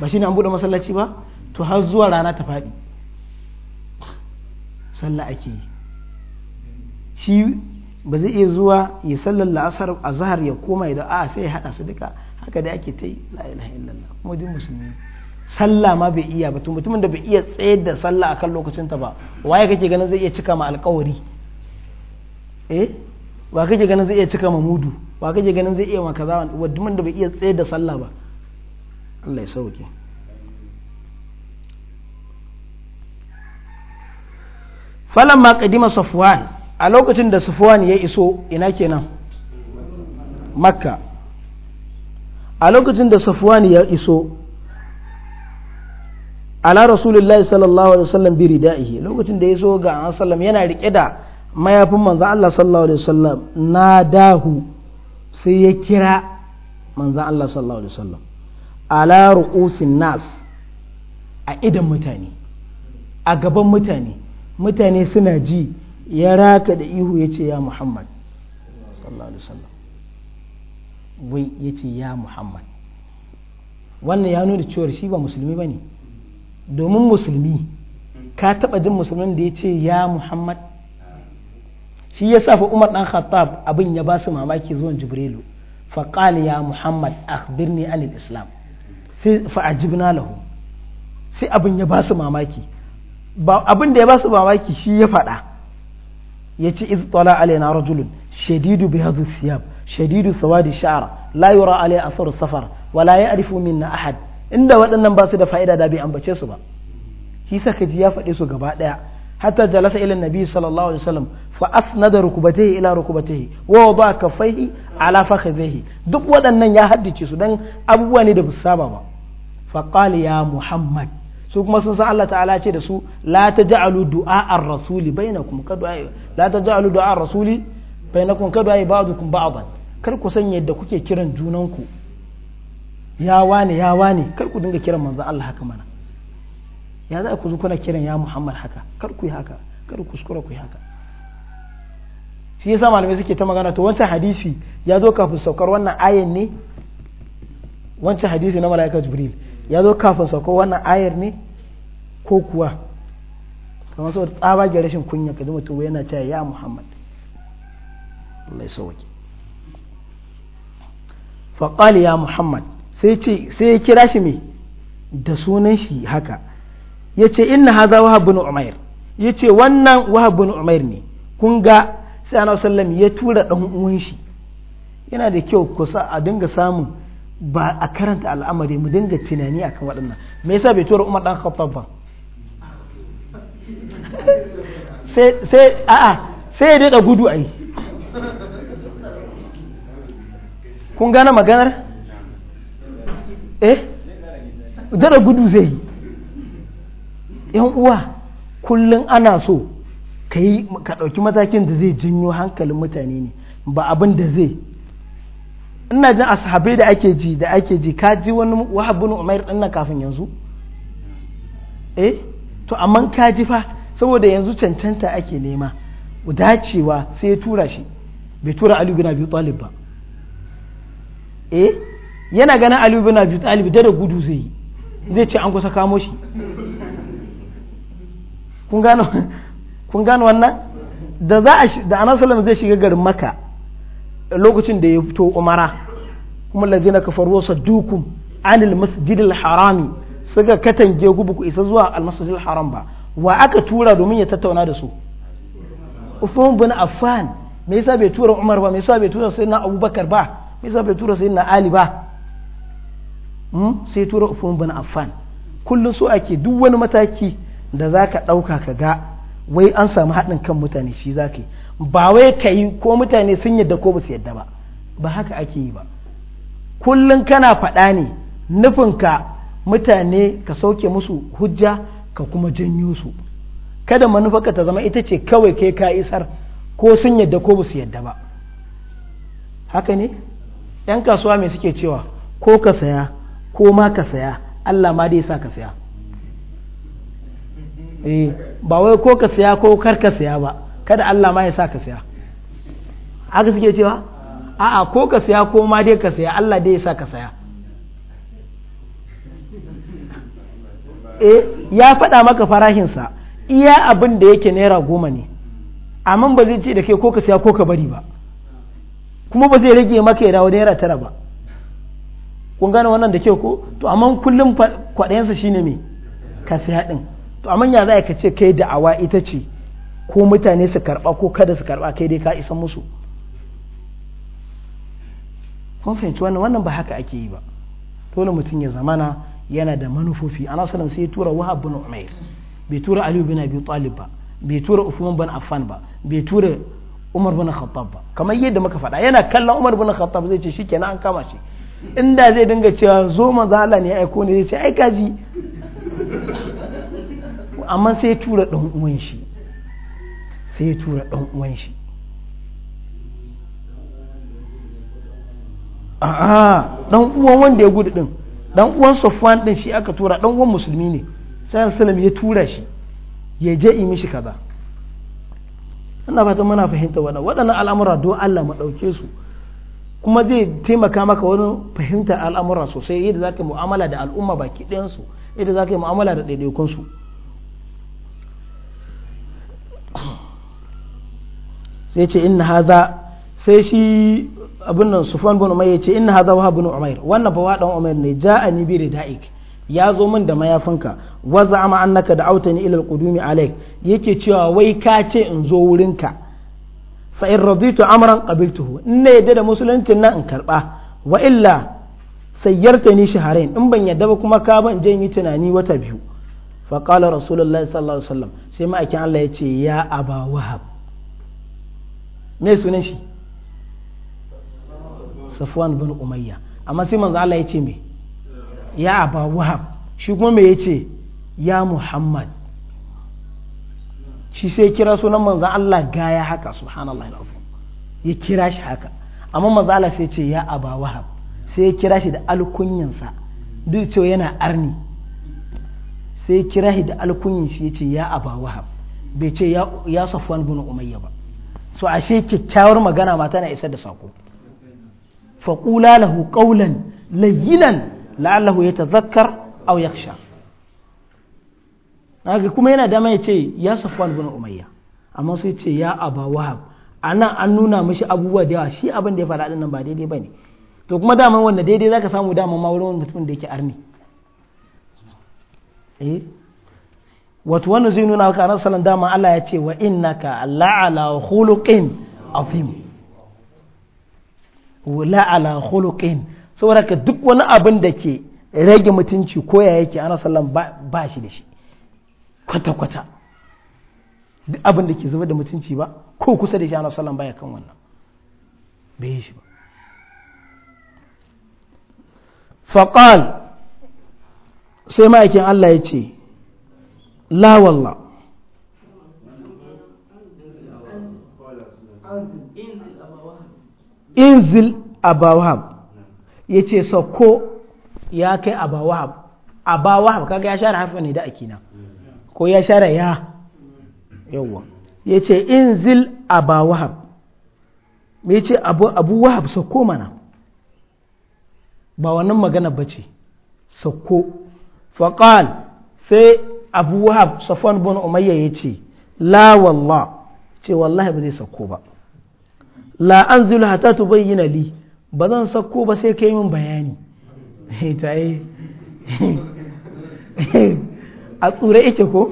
ba shi ne an buɗe masallaci ba to har zuwa rana ta faɗi sallah ake yi shi ba zai iya zuwa ya sallar la'asar a zahar ya koma ya da a sai ya haɗa su duka haka da ake ta yi la'ilaha illallah kuma musulmi sallah ma bai iya ba mutumin da bai iya tsayar da sallah a kan lokacinta ba waye kake ganin zai iya cika ma alkawari eh wa kake ganin zai iya cika ma mudu wa kake ganin zai iya ma kaza wa mutumin da bai iya tsayar da sallah ba Allah ya sauke falamma qadima safwan a lokacin da safwan ya iso ina kenan makka a lokacin da safwan ya iso ala rasulullahi sallallahu alaihi wasallam bi ridaihi lokacin da ya zo ga an sallam yana rike da mayafin manzo Allah sallallahu alaihi wasallam na dahu sai ya kira manzo Allah sallallahu alaihi wasallam ala ru'usin nas a idan mutane a gaban mutane mutane suna ji ya raka da ihu ya ce ya muhammad sallallahu alaihi wasallam wai ya ce ya muhammad wannan ya nuna cewar shi ba musulmi ba ne domin musulmi ka taɓa jin musulmin da ya ce ya muhammad shi ya sa umar dan khattab abin ya ba su mamaki zuwan jibrilu faƙal ya muhammad akhbirni anil islam sai fa'ajibna lahu sai abin ya ba su mamaki abin da ya ba su mamaki shi ya fada ya ce iz tsala alaina rajulun shadidu bi hadhu thiyab shadidu sawadi sha'ar la yura alai asaru safar wala ya'rifu minna ahad inda waɗannan ba su da fa'ida da bai ambace su ba shi saka ji ya faɗe su gaba ɗaya hatta jalasa ila nabi sallallahu alaihi wasallam fa asnada rukubatihi ila rukubatihi wa wada kaffaihi ala fakhidhihi duk waɗannan ya haddace su dan abubuwa ne da ba saba ba fa qala ya muhammad su kuma sun san Allah ta'ala ce da su la taj'alu du'a ar-rasuli bainakum ka du'a la taj'alu du'a ar-rasuli bainakum ka du'a ba'dukum ba'dan kar ku sanya yadda kuke kiran junanku ya wane ya wane kar ku dinga kiran manzon Allah haka mana ya za ku zo kuna kiran ya Muhammad haka kar ku yi haka kar ku kuskura ku yi haka shi yasa malamai suke ta magana to wancan hadisi ya zo kafin saukar wannan ayan ne wancan hadisi na mala'ika jibril ya zo kafin saukar wannan ayar ne ko kuwa kamar saboda tsabagen rashin kunya ka zama tuwo yana cewa ya muhammad mai sauki faƙali ya muhammad sai ya kira shi mai da sunan shi haka ya ce inna haza wahab bin umair ya ce wannan wahab bin umair ne kun ga sai ana sallam ya tura ɗan uwan shi yana da kyau kusa a dinga samun ba a karanta al'amari mu dinga tunani akan waɗannan me yasa bai tura umar ɗan khattab ba sai sai a'a sai ya daɗa gudu ai yi kun gane maganar eh dada gudu zai yi yan uwa kullum ana so ka ka ɗauki matakin da zai jinyo hankalin mutane ne ba abin da zai ina jin ashabai da ake ji da ake ji ka ji wani wahabun umar ɗin kafin yanzu eh to amma ka ji fa saboda yanzu cancanta ake nema dacewa sai ya tura shi bai tura Ali bin Abi Talib ba eh yana ganin aliyu bin abi talib da da gudu zai yi zai ce an kusa kamo shi kun gano wannan da za a da anas salama zai shiga garin maka lokacin da ya fito umara kuma ladina kafaru dukun anil masjidil harami suka katange gubu ku isa zuwa Al-Masjid masjidil haram ba wa aka tura domin ya tattauna da su Uthman bin Affan me yasa bai tura Umar ba me yasa bai tura Sayyidina Abubakar ba me yasa bai tura Sayyidina Ali ba Hmm? sai tura Uthman bin Affan kullum so ake duk wani mataki da za ka ɗauka ka ga wai an samu haɗin kan mutane shi za ka yi ba wai ka yi ko mutane sun yadda ko ba su yadda ba ba haka ake yi ba kullum kana faɗa ne ka mutane ka sauke musu hujja ka kuma janyo su kada manufarka ta zama ita ce kawai kai ka isar ko sun yadda ko ba su yadda ba haka ne 'yan kasuwa mai suke cewa ko ka saya ko ma ka saya Allah ma dai sa ka saya eh ba wai ko ka saya ko kar ka saya ba kada Allah ma ya sa ka saya haka suke cewa a'a ko ka saya ko ma dai ka saya Allah dai ya sa ka saya eh ya faɗa maka farashinsa iya abin da yake naira goma ne amma ba zai ce da kai ko ka saya ko ka bari ba kuma ba zai rage maka ya dawo naira tara ba kun gane wannan da kyau ko to amma kullum kwaɗayensa shine me ka fi haɗin to amma ya za ka ce kai da'awa ita ce ko mutane su karɓa ko kada su karɓa kai dai ka isa musu kun fahimci wannan wannan ba haka ake yi ba dole mutum ya zamana yana da manufofi ana salam sai ya tura wahab bin umair bai tura aliyu bin abi talib ba bai tura usman bin affan ba bai tura umar bin khattab ba kamar yadda muka faɗa yana kallon umar bin khattab zai ce shikenan an kama shi inda zai dinga cewa zo mazala ne ya aiko ne zai ce aika ji amma sai ya tura ɗan shi sai ya tura ɗan uwan shi a'a ɗan uwan wanda ya gudu ɗin ɗan uwan Safwan ɗin shi aka tura ɗan uwan musulmi ne sai salam ya tura shi ya je yi mishi kaza ina fatan muna fahimta wannan waɗannan al'amura don Allah mu ɗauke su kuma zai taimaka maka wani fahimtar al'amura sosai yadda za ka mu'amala da al'umma baki ɗayansu yadda za ka yi mu'amala da ɗaiɗaikunsu sai ce inna haza sai shi abin nan sufan bin umar ya ce inna haza wa bin umar wannan fa wadan umar ne ja'a ni bi da'ik ya zo min da mayafinka wa za'ama annaka auta ila ilal kudumi alayk yake cewa wai ka ce in zo wurinka fa in raditu amran qabiltuhu in yadda da musuluncin nan in karba wa illa sayyarta ni shaharain in ban yadda ba kuma ka ban je yi tunani wata biyu fa qala rasulullahi sallallahu alaihi wasallam sai ma'aikin Allah ya ce ya aba wahab me sunan shi safwan bin umayya amma sai manzo Allah ya ce me ya aba wahab shi kuma me yace ya muhammad shi sai kira sunan manzan Allah gaya haka subhanallah ya kira shi haka amma manzan Allah sai ce ya aba wahab sai ya kira shi da alkunyansa duk cewa yana arni sai ya kira shi da alkunyin shi ya ce ya aba wahab bai ce ya safwan bin umayya ba so ashe kyakkyawar magana ma tana isar da sako faqula lahu qawlan layyinan la'allahu yatadhakkar aw yakhsha naga kuma yana dama ya ce ya safwan bin umayya amma sai ce ya aba wahab anan an nuna mashi abubuwa da yawa shi abin da ya faɗa nan ba daidai bane to kuma dama wanda daidai zaka samu dama ma wurin mutumin da yake arni eh wato wannan zai nuna maka annabi sallallahu dama Allah ya ce wa innaka la'ala khuluqin azim wa la'ala khuluqin saboda ka duk wani abin da ke rage mutunci ko ya yake annabi sallallahu ba shi da shi kwata-kwata duk abin da ke zuba da mutunci ba ko kusa da shi ana baya kan wannan bai yi shi ba faƙal sai ma'aikin Allah ya ce lawalla. wallah inzil abawahab ya ce sauko ya kai abawahab abawahab kaga ya share harfa ne da akina ko ya share ya yawwa ya ce in zil aba wahab me ce abu abu wahab sauko mana ba wannan magana ba ce sauko faƙal sai abu wahab safon bin umayya ya ce la wallah ce wallahi ba zai sauko ba la an zulu hata tu bayyana li ba zan sauko ba sai kai min bayani ta yi a tsure yake ko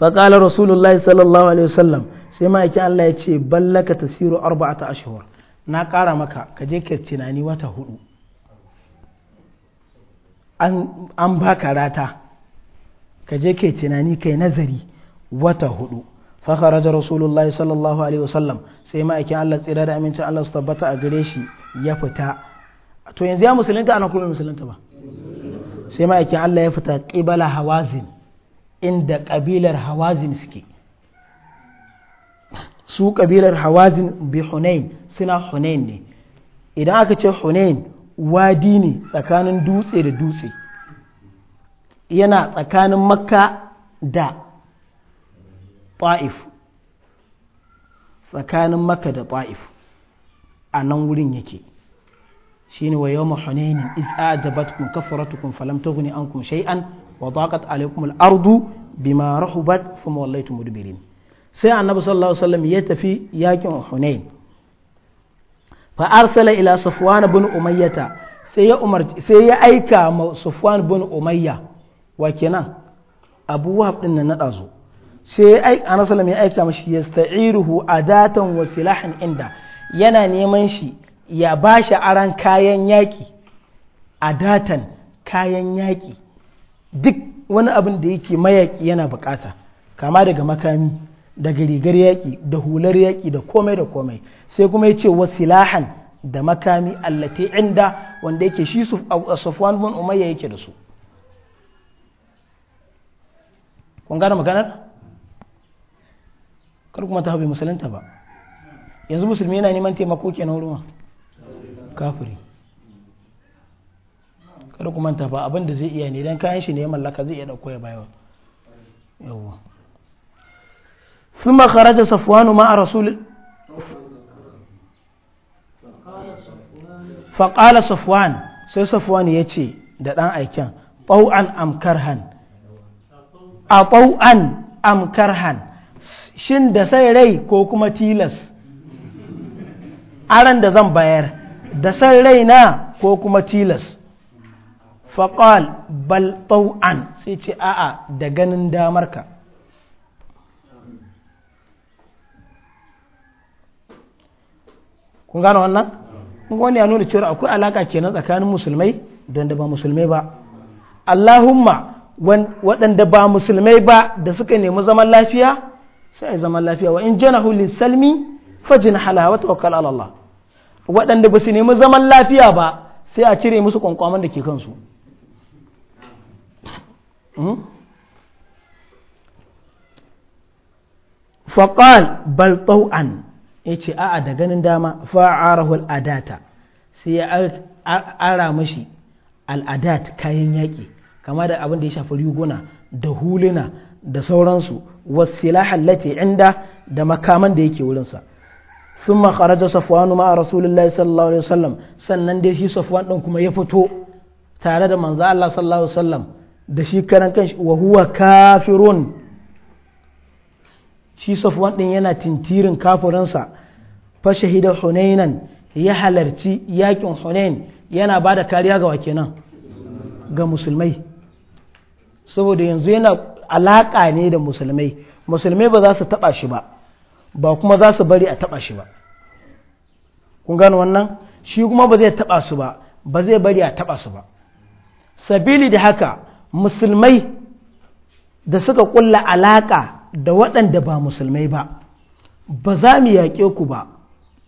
faƙalar rasulullahi sallallahu alaihi wasallam sai ma'aikin Allah ya ce ballaka tasiru arba'ata ashhur na ƙara maka ka je ka tunani wata hudu an baka rata ka je ka tunani kai nazari wata hudu fakharaja rasulullahi sallallahu alaihi wasallam sai ma'aikin Allah tsira da amincin Allah su tabbata a gare shi ya fita to yanzu ya musulunta ana kuma musulunta ba sai ma'aikin Allah ya fita ƙibala hawazin inda ƙabilar hawazin suke su ƙabilar hawazin bi hunain suna hunain ne idan aka ce hunain wadi ne tsakanin dutse da dutse yana tsakanin makka da ta'if tsakanin makka da ta'if a nan wurin yake shine wa yawma hunainin iz ajabatkum kafaratukum falam tughni ankum shay'an wa daqat alaykum al-ardu bima rahubat thumma wallaytum mudbirin sai annabi sallallahu alaihi wasallam ya tafi yakin hunain fa arsala ila safwan ibn umayyah sai ya umar sai ya aika ma safwan ibn umayya wa kenan abu wahab din nan na dazo sai annabi sallallahu alaihi ya aika mashi yasta'iruhu adatan wa silahan inda yana neman shi ya ba shi aran kayan yaƙi a datan kayan yaƙi duk wani abin da yake mayaƙi yana bukata kama daga makami daga rigar yaƙi da hular yaƙi da komai da komai sai kuma ya ce wa silahan da makami allate inda wanda yake shi sufwan uh, bin umayya yake da su kar kuma ta haɓe musulunta ba yanzu musulmi yana neman taimako kenan ruwa kafiri kada kuma manta ba abin da zai iya ne idan kayan shi ne ya mallaka zai iya dauko ya bayar yawa thumma kharaja safwanu ma'a rasul fa qala safwan sai safwan ce da dan aikin tau'an amkarhan a tau'an amkarhan shin da sai rai ko kuma tilas aran da zan bayar da san raina ko kuma tilas faƙal bal tau'an sai ce a'a da ganin damarka kun gano wannan wani ya nuna cewa akwai alaka kenan tsakanin musulmai don da ba musulmai ba allahumma waɗanda ba musulmai ba da suka nemi zaman lafiya sai zaman lafiya wa in hulun salmi fajin halawa ta ala Allah waɗanda ba su nemi zaman lafiya ba sai a cire musu kwankwaman da ke kansu hmm? faƙal bal tau'an ya ce a'a da ganin dama fa'arahul adata sai ya ara mashi al'adat kayan yaƙi kama da abin da ya shafi riguna da huluna da sauransu wasu silahallati inda da makaman da yake wurinsa صفوان مع رسول الله صلى sallallahu alaihi وسلم sannan dai shi صفوان din kuma ya fito tare da manzo Allah sallallahu alaihi wasallam da shi karan kanshi wa huwa kafirun shi safwan din yana tintirin kafirinsa fa shahida hunainan ya halarci yakin hunain yana bada kariya ga wakenan ga musulmai saboda yanzu yana alaka ne da musulmai musulmai ba za su taba shi ba ba kuma za su bari a taɓa shi ba kun gano wannan shi kuma ba zai taɓa su ba ba zai bari a taɓa su ba sabili da haka musulmai da suka kulla alaƙa da waɗanda ba musulmai ba ba za mu yaƙe ku ba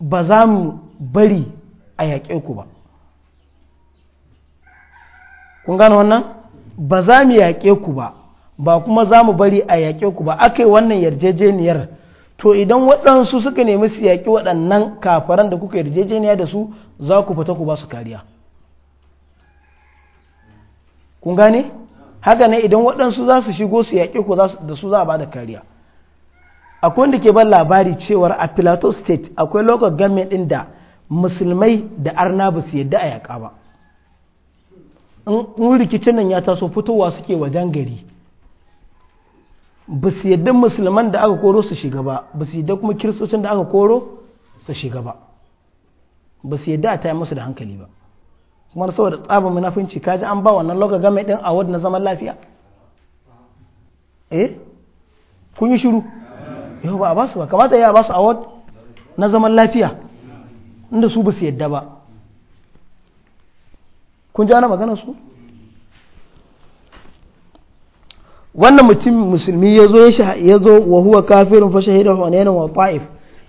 ba za mu bari a yaƙe ku ba kun gano wannan ba za mu yaƙe ku ba ba kuma za mu bari a yaƙe ku ba aka yi wannan yarjejeniyar to idan waɗansu suka nemi su yaƙi waɗannan kafaran da kuka yarjejeniya da su za ku fita ku ba su kariya kun gane haka ne idan waɗansu za su shigo su yaƙi ku da su za a ba da kariya akwai wanda ke ban labari cewar a plateau state akwai local government ɗin da musulmai da arna ba su yadda a yaƙa ba in rikicin nan ya taso fitowa suke wajen gari ba su yadda musulman da aka koro su shiga ba ba su yadda kuma kiristocin da aka koro su shiga ba ba su yadda a taya musu da hankali ba kuma saboda tsabin munafunci kaji an ba wannan loka game din a na zaman lafiya eh kun yi shiru yau ba a basu ba kamata ya basu award na zaman lafiya inda su ba su yadda ba kun ji ana magana su wannan mutum musulmi ya zo ya zo wa huwa kafirun fa shahida hunain wa ta'if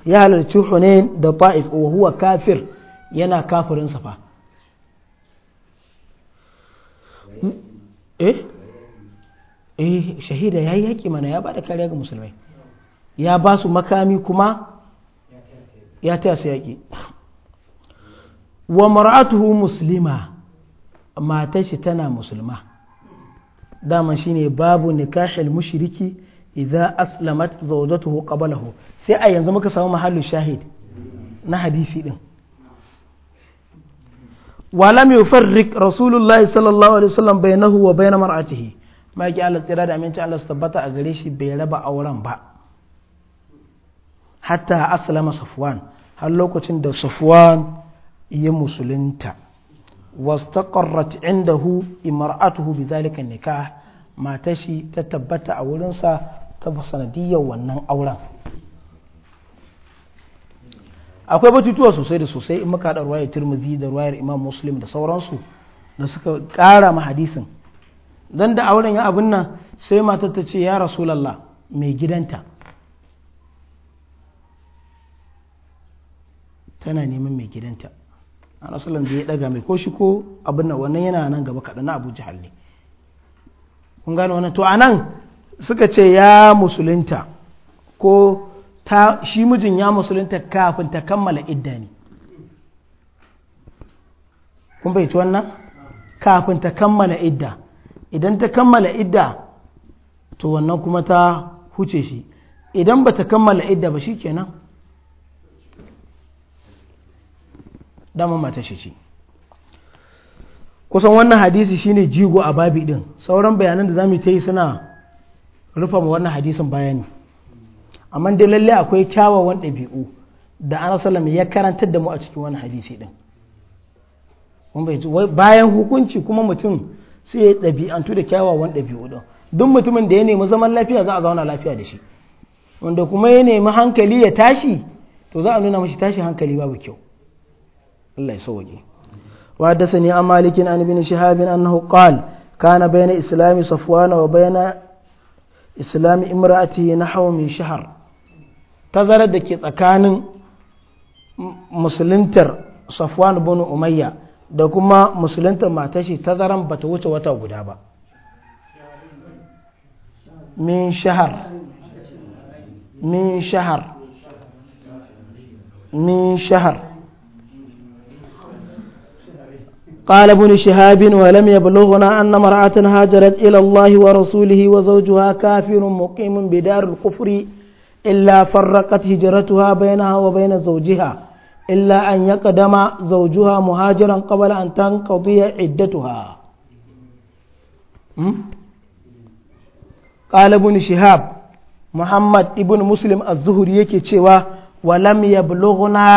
ya halarci hunain da ta'if wa huwa kafir yana kafirin sa fa eh eh shahida yayi yaki mana ya bada kariya ga musulmai ya ba su makami kuma ya taya su yaki wa mar'atuhu muslima matar shi tana musulma shi shine babu nikahil mushiriki idza aslamat zawjatuhu qabalahu sai a yanzu muka samu mahallin shahid na hadisi din walam yufarrik rasulullahi sallallahu alaihi wasallam bainahu wa bain mar'atihi maki Allah tsira da aminci Allah tabbata a gare shi bai raba auren ba hatta aslama safwan har lokacin da safwan ya musulunta wastaqarrat indahu imra'atuhu zalika nikah matar shi ta tabbata a wurinsa ta sanadiyyar wannan auren akwai batutuwa sosai da sosai in muka da ruwayar turmuzi da ruwayar imam muslim da sauransu da suka kara ma hadisin don da auren ya abin nan sai matar ta ce ya rasulallah mai gidanta tana neman mai gidanta ana sallam da ya daga mai ko shi ko abin nan wannan yana nan gaba kaɗan na abu jihar ne kun gane wannan to anan suka ce ya musulunta ko ta shi mijin ya musulunta kafin ta kammala idda ne kun bai wannan kafin ta kammala idda idan ta kammala idda to wannan kuma ta huce shi idan ba ta kammala idda ba shi kenan dama mata shi ce kusan wannan hadisi shine jigo a babi ɗin sauran bayanan da zamu ta yi suna rufa ma wannan hadisin bayani amma dai lalle akwai kyawawan ɗabi'u da ana ya karantar da mu a cikin wannan hadisi din bayan hukunci kuma mutum sai ya ɗabi'antu da kyawawan ɗabi'u din duk mutumin da ya nemi zaman lafiya za a zauna lafiya da shi wanda kuma ya nemi hankali ya tashi to za a nuna mashi tashi hankali babu kyau Allah ya malikin وحدثني عن مالك عن ابن شهاب أنه قال كان بين إسلام صفوان وبين إسلام امرأته نحو من شهر tazarar da ke tsakanin musuluntar safwan bin umayya da kuma musuluntar matashi tazaran ba ta wuce wata guda ba min shahar min shahar min shahar قال ابن شهاب ولم يبلغنا أن مرأة هاجرت إلى الله ورسوله وزوجها كافر مقيم بدار الكفر إلا فرقت هجرتها بينها وبين زوجها إلا أن يقدم زوجها مهاجرا قبل أن تنقضي عدتها قال ابن شهاب محمد ابن مسلم الزهري يكي تشيوا ولم يبلغنا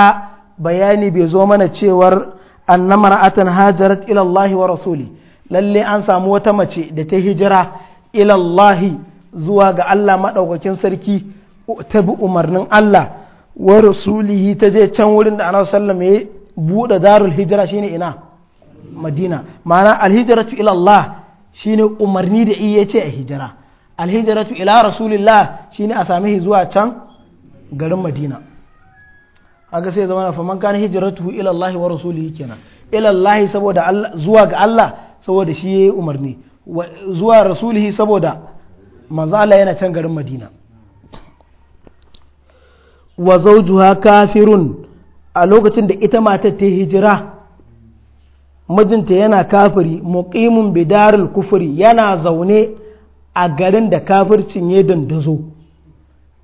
بياني بزومنا تشيور anna maratan hajarat ilallahi wa rasuli lalle an samu wata mace da ta hijira ilallahi zuwa ga Allah maɗaukakin sarki ta bi umarnin Allah wa rasulihi ta je can wurin da annabi wasallam ya bude darul hijira shine ina madina ma'ana alhijratu Allah shine umarni da iya ce a hijira alhijratu ila rasulillah shine a sami zuwa can garin madina ga sai zama na faman kana hijiratu ila Allah wa rasulihi kenan ila Allah saboda Allah zuwa ga Allah saboda shi yayi umarni zuwa rasulihi saboda manzo Allah yana can garin Madina wa zawjuha kafirun a lokacin da ita matar ta hijira mijinta yana kafiri muqimun bidarul kufri yana zaune a garin da kafircin ya dandazo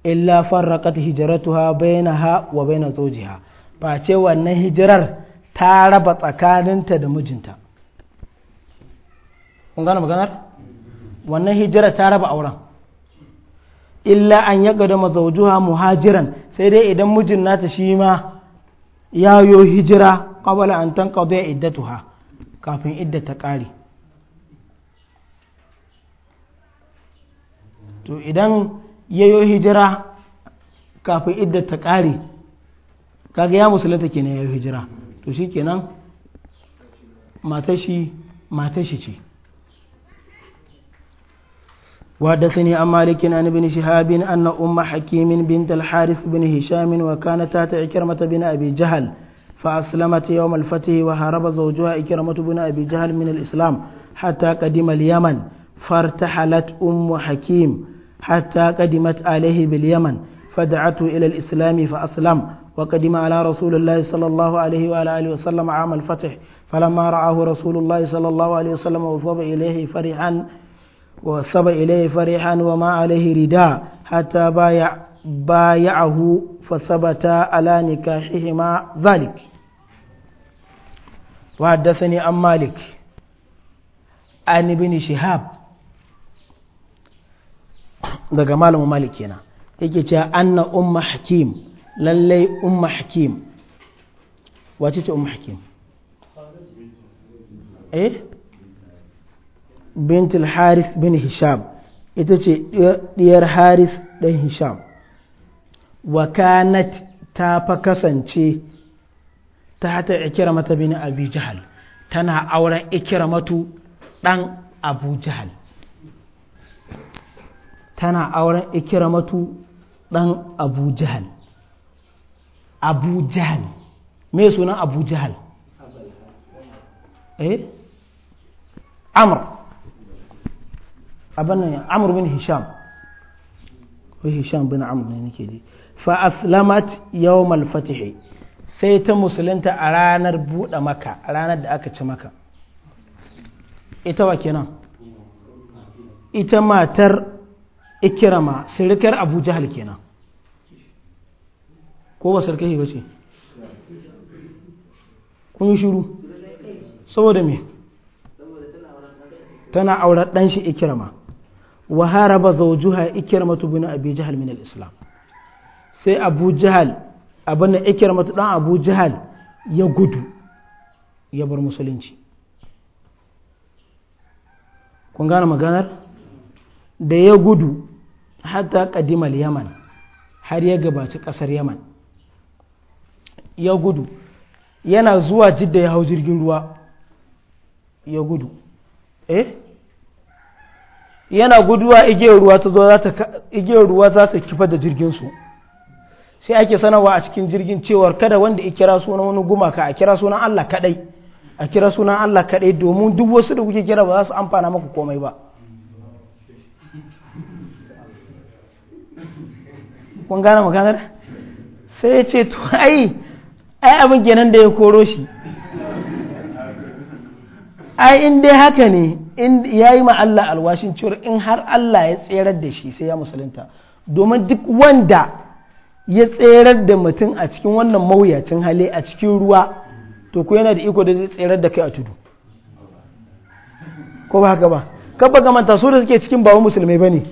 illa farraqat hijratuha bainaha wa baina zawjiha ba ce wannan hijirar ta raba tsakaninta da mijinta kun gane maganar wannan hijirar ta raba auren illa an ya gada mazawjuha muhajiran sai dai idan mijin nata shi ma ya yo hijira qabala an tanqadi iddatuha kafin idda ta kare to idan yayo hijira kafin idda ta ƙare kaga ya musulunta kenan yayo hijira to shi kenan matashi matashi ce وحدثني عن مالك عن ابن شهاب أن أم حكيم بنت الحارث بن هشام وكانت تحت إكرمة بن أبي جهل فأسلمت يوم الفتح وهرب زوجها إكرمة بن أبي جهل من الإسلام حتى قدم اليمن فارتحلت أم حكيم حتى قدمت عليه باليمن فدعته إلى الإسلام فأسلم وقدم على رسول الله صلى الله عليه وعلى آله وسلم عام الفتح فلما رآه رسول الله صلى الله عليه وسلم وثب إليه فرحا وثب إليه فرحا وما عليه رداء حتى بايع بايعه فثبت على نكاحهما ذلك وحدثني عن مالك عن ابن شهاب daga malamu malik kenan yake cewa anna umma hakim lallai umma hakim wace ce umma hakim eh bintul haris bin hisham ita ce diyar haris dan hisham wa kanat ta fa kasance ta hata ikiramata bin abi jahal tana auren ikiramatu ɗan abu jahal tana auren ikiramatu dan abu jihal abu jihal me sunan abu jihal eh amr abannan amur bin hisham ko hisham bin amur ne nake ji fa aslamat yau fatih sai ta musulunta a ranar buɗe maka ranar da aka ci maka ita wa kenan ita matar ikirama sirikar abu jahal kenan ko ba sarki ba ce kun shuru saboda me tana aurar ɗan shi ikirama wa haraba zawjuha ikirmatu bin abi jahal min al-islam sai abu jahal abin da ikirmatu dan abu jahal ya gudu ya bar musulunci kun gane maganar da ya gudu hatta kadimal yaman har ya gabaci kasar yaman ya gudu yana zuwa jidda ya hau jirgin ruwa ya gudu eh yana guduwa igiyar ruwa ta igiyar ruwa za ta kifa da jirgin su sai ake sanarwa a cikin jirgin cewar kada wanda ya kira sunan wani gumaka a kira sunan Allah kadai a kira sunan Allah kadai domin duk wasu da kuke kira ba za su amfana maku komai ba kun gane maganar sai ya ce to ai ai abin kenan da ya koro shi ai in dai haka ne in yayi ma Allah alwashin cewa in har Allah ya tserar da shi sai ya musulunta domin duk wanda ya tserar da mutum a cikin wannan mawuyacin hali a cikin ruwa to ku yana da iko da zai tserar da kai a tudu ko ba haka ba kabba ga manta su da suke cikin ba musulmai bane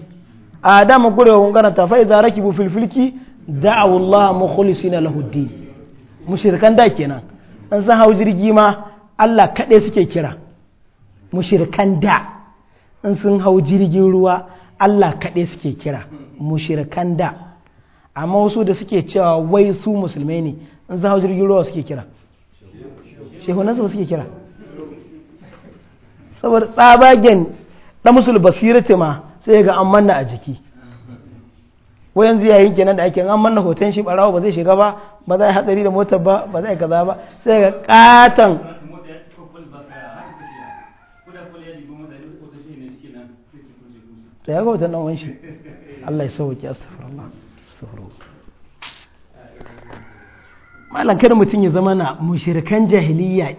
a dama gurewa kun ta fa idza rakibu fil filki da'u Allah mukhlisina lahu din mushrikan da kenan an san hau jirgi ma Allah kaɗai suke kira mushrikan da in sun hau jirgin ruwa Allah kaɗai suke kira mushrikan da amma wasu da suke cewa wai su musulmai ne in sun hau jirgin ruwa suke kira shehunansu ba suke kira saboda tsabagen da musul basirati ma sai ga an manna a jiki wai yanzu yayin kenan da ake an manna hoton shi barawo ba zai shiga ba ba zai hatsari da motar ba ba zai kaza ba sai ga katan ya ga hoton dan shi Allah ya sauke astaghfirullah astaghfirullah malan kada mutum ya zama na mushirkan jahiliya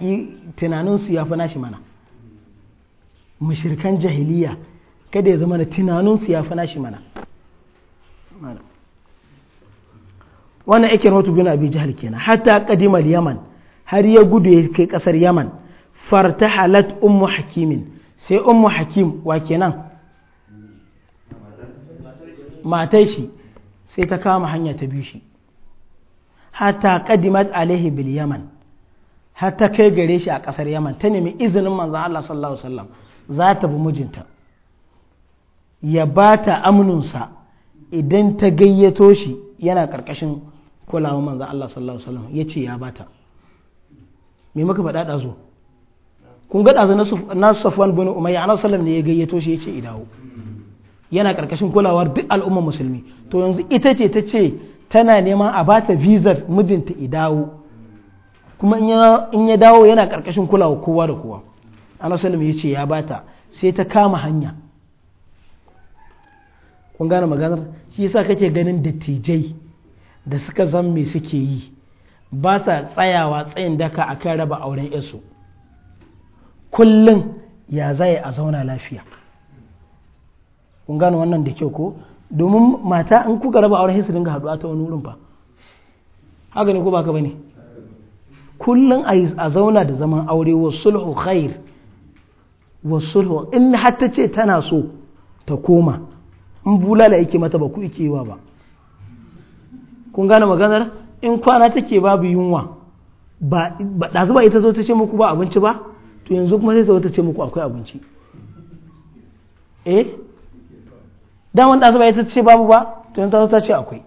tunaninsu ya fi nashi mana mushirkan jahiliya kada ya zama na tunanin su ya fana shi mana wannan aikin rahoto na abin jihar kenan hatta kadimar yaman har ya gudu ya kai kasar yaman farta halat ummu hakimin sai ummu hakim wa kenan matai shi sai ta kama hanya ta biyu shi hatta kadimat alaihi bil yaman hatta kai gare shi a kasar yaman ta nemi izinin manzan Allah sallallahu alaihi wasallam za ta bi mijinta ya ba ta amnunsa idan ta gayyato shi yana ƙarƙashin kulawa manzan Allah sallallahu Alaihi wasallam ya ce ya ba ta me maka faɗa zo kun ga ɗazu na safwan bin umayya ana sallam ne ya gayyato shi ya ce idawo yana ƙarƙashin kulawar duk al'ummar musulmi to yanzu ita ce ta ce tana neman a ba ta vizar mijinta idawo kuma in ya dawo yana ƙarƙashin kulawa kowa da kowa ana sallam ya ce ya ba ta sai ta kama hanya kun gane maganar shi yasa kake ganin dattijai da suka san me suke yi ba sa tsayawa tsayin daka akan raba auren yasu kullum ya zai a zauna lafiya kun gane wannan da kyau ko domin mata in kuka raba auren yasu dinga haduwa ta wani wurin ba haka ne ko baka bane kullum a zauna da zaman aure wa sulhu khair wa sulhu in har ta ce tana so ta koma in bulala yake mata ba ku ike wa ba kun gane maganar in kwana take babu yunwa ba ɗazu ba ita zo ta ce muku ba abinci ba to yanzu kuma sai ta wata ce muku akwai abinci eh daman ɗazu ba ita ce babu ba to yanzu ta zo ta ce akwai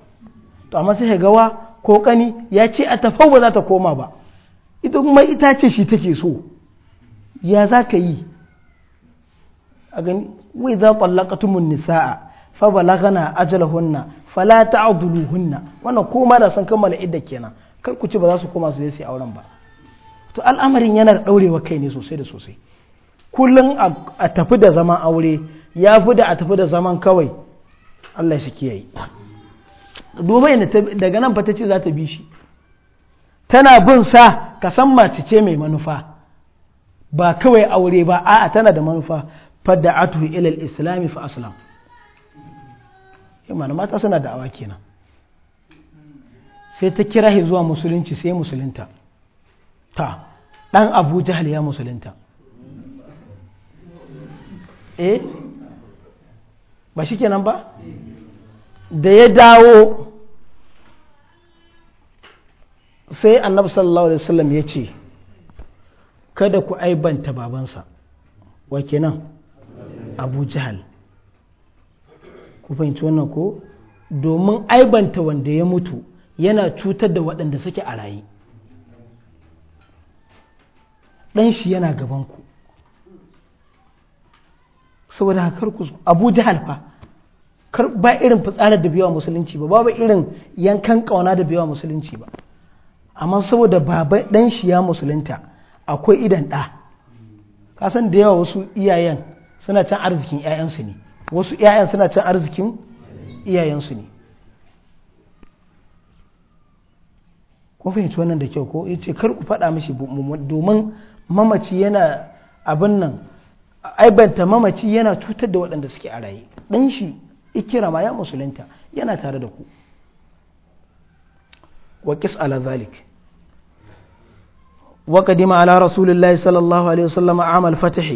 to amma sai gawa ko kani ya ce a tafau ba za ta koma ba ita kuma ita ce shi take so ya za ka yi a gani wai za ƙwallakatumun nisa'a fa balagana ajalahunna fala hunna wannan ko ma da san kammala idda kenan kar ku ci ba za su koma su je su auren ba to al'amarin yana da daurewa kai ne sosai da sosai kullum a tafi da zaman aure ya fi da a tafi da zaman kawai Allah shi kiyaye domin daga nan ta ce za ta bi shi tana bin sa ka san mace ce mai manufa ba kawai aure ba a'a tana da manufa fadda atu ilal islami fa aslam imana mata suna da da'awa kenan sai ta kira shi zuwa musulunci sai musulunta ta dan abu jahal ya musulunta eh ba shi kenan ba da ya dawo sai annabi sallallahu alaihi wasallam ya ce kada ku aibanta babansa wa kenan abu jahal ku fahimci wannan ko domin aibanta wanda ya mutu yana cutar da waɗanda suke a raye ɗan shi yana gabanku saboda haka ku abu jahal fa ba irin fitsarar da biyawa musulunci ba ba irin yankan ƙauna da biyawa musulunci ba amma saboda ba ɗan shi ya musulunta akwai idan ɗa kasan da yawa wasu iyayen suna can arzikin 'ya'yansu ne wasu 'ya'yan suna cin arzikin iyayensu ne kuma fahimci wannan da kyau ko ya ce kar ku faɗa mashi domin mamaci yana abin nan aibanta mamaci yana cutar da waɗanda suke a raye ɗan shi ikira ma ya musulunta yana tare da ku waƙis ala zalik على رسول ala صلى الله alaihi وسلم عام الفتح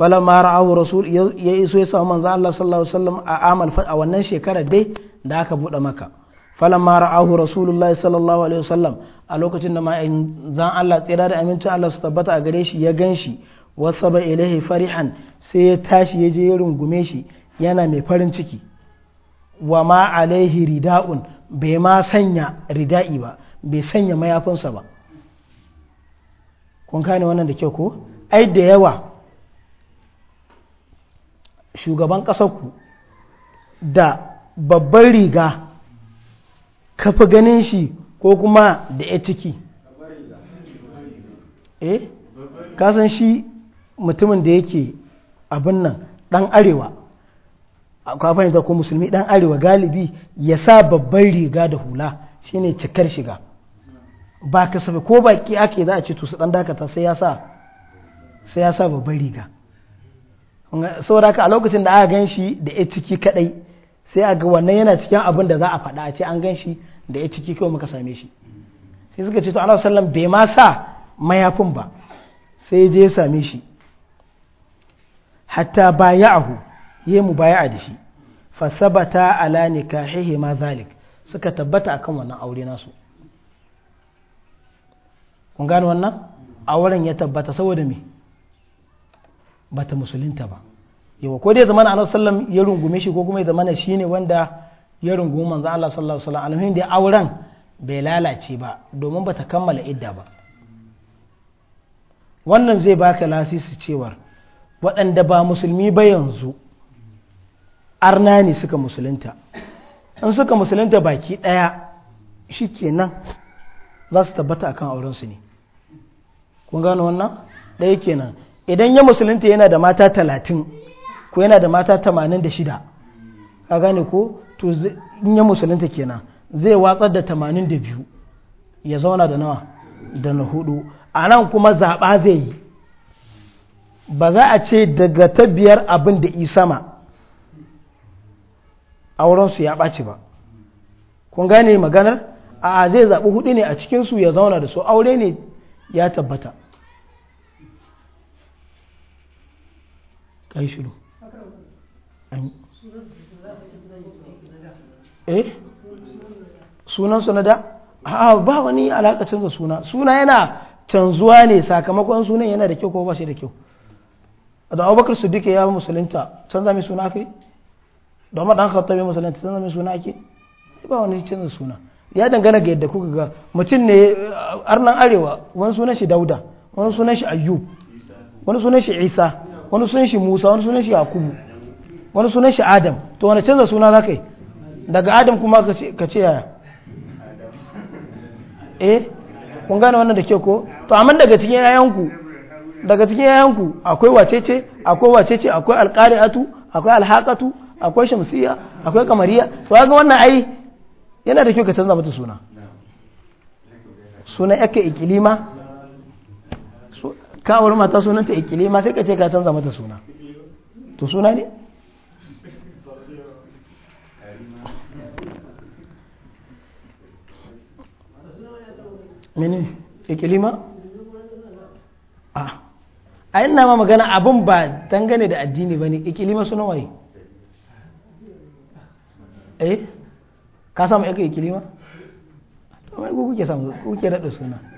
falamma ra'ahu rasul ya iso ya samu manzo Allah sallallahu alaihi wasallam a amal a wannan shekarar dai da aka buɗe maka falamma ra'ahu rasulullahi sallallahu alaihi wasallam a lokacin da manzan Allah tsira da amincin Allah su tabbata a gare shi ya gan shi ganshi wasaba ilaihi farihan sai ya tashi ya je ya rungume shi yana mai farin ciki wa ma alaihi rida'un bai ma sanya rida'i ba bai sanya mayafinsa ba kun kane wannan da kyau ko ai da yawa shugaban ƙasarku da babban riga kafa ganin shi ko kuma da ya ciki eh kasan shi mutumin da yake abin nan ɗan arewa akwai da ko musulmi ɗan arewa galibi ya sa babban riga da hula shine cikar shiga ba kasafi ko baki ake za a ce to su ɗan dakata sai ya sa babban riga saboda ka a lokacin da aka gan shi da ya ciki kadai sai a ga wannan yana cikin abin da za a faɗa a ce an gan shi da ya ciki kawai muka same shi sai suka ce to ana sallam bai ma sa mayafin ba sai je ya same shi hatta baya'ahu ya mu baya'a da shi fa sabata ala nikahihi ma zalik suka tabbata akan wannan aure nasu kun gano wannan auren ya tabbata saboda me ba ta musulunta ba yawa ko dai zamanin annabi sallam ya rungume shi ko kuma ya zamana ne wanda ya rungumi manzo Allah sallallahu alaihi wasallam alhamdulillah dai auren bai lalace ba domin ba ta kammala idda ba wannan zai baka lasisi cewar waɗanda ba musulmi ba yanzu arna ne suka musulunta in suka musulunta baki ɗaya shi kenan za su tabbata akan aurensu ne kun gano wannan ɗaya kenan idan ya musulunta yana da mata talatin ko yana da mata tamanin da shida ka gane ko to in ya musulunta kenan zai watsar da tamanin da biyu ya zauna da nawa da na hudu a nan kuma zaɓa zai yi ba za a ce daga ta biyar abin da isama aurensu ya ɓaci ba kun gane maganar a zai zaɓi hudu ne a cikinsu ya zauna da su aure ne ya tabbata kai shiru eh su na da a ba wani alaka canza suna suna yana canzuwa ne sakamakon sunan yana da kyau ko ba shi da kyau da abubakar su duka ya musulunta canza mai suna kai da umar dan khattab ya musulunta canza mai suna ake ba wani canza suna ya dangana ga yadda kuka ga mutum ne arnan arewa wani sunan shi dauda wani sunan shi ayyub wani sunan shi isa wani sunan shi musa wani sunan shi yakubu wani sunan shi adam to wani canza suna za ka yi daga adam kuma ka ce yaya eh kun gane wannan da ke ko to amma daga cikin yayanku daga cikin yayanku akwai wacece akwai wacece akwai alqari'atu akwai alhaqatu akwai shamsiya akwai kamariya to ga wannan ai yana da kyau ka canza mata suna suna yake ikilima ka aure mata sunanta ma sai ka ce ka canza mata suna to suna ne mene ikili ma a a ina ma magana abin ba dangane da addini ba ne ma suna waye eh ka samu ikili ma to mai kuke samu kuke rada suna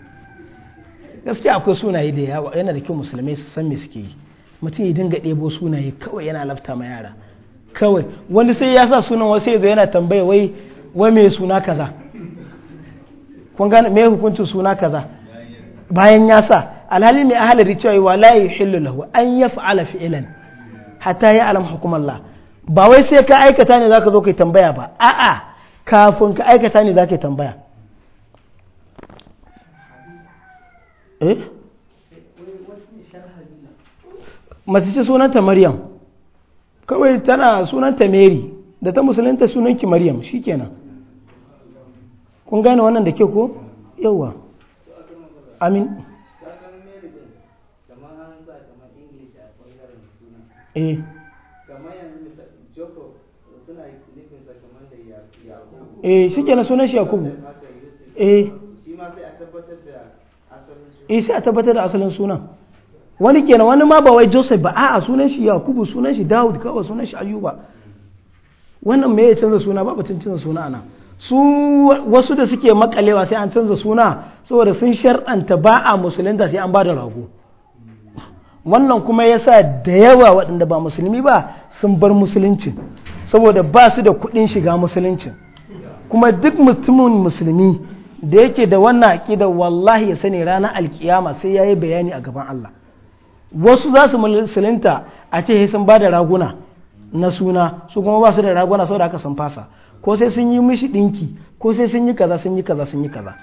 gaskiya akwai sunaye da yawa yana da kyau musulmai su san me suke yi mutum ya dinga ɗebo sunaye kawai yana lafta ma yara kawai wani sai ya sa sunan wasu ya zo yana tambaya wai wai me suna kaza kun gane me hukuncin suna kaza bayan ya sa alhali mai ahalari cewa wa la yuhillu lahu an yaf'ala fi'lan hatta ya alam la. ba wai sai ka aikata ne zaka zo kai tambaya ba a'a kafin ka aikata ne zaka tambaya eh mace ce sunanta maryam kawai tana sunanta mary da ta musulunta sunanki maryam shikenan kun gane wannan da ke ko yawa amin eh eh shikenan sunan shi kubu eh shi ma sai a tabbatar da in eh, sai a tabbatar da asalin sunan wani kenan wani ma ba wai joseph ba a'a sunan shi yakubu sunan shi dawud kawai sunan shi ayuba wannan me ya canza suna ba batun canza suna ana su wasu da suke makalewa sai an canza suna saboda sun shar'anta ba a da sai an ba da rago wannan kuma yasa da yawa waɗanda ba musulmi ba sun bar musulunci saboda ba su da kuɗin shiga musuluncin kuma duk mutumin musulmi da yake da wannan aƙida wallahi ya sani ranar alkiyama sai ya yi bayani a gaban Allah wasu za su musulunta a ce sun ba da raguna na suna su kuma ba su da raguna saboda haka sun fasa ko sai sun yi mishi ɗinki ko sai sun yi kaza sun yi kaza sun yi kaza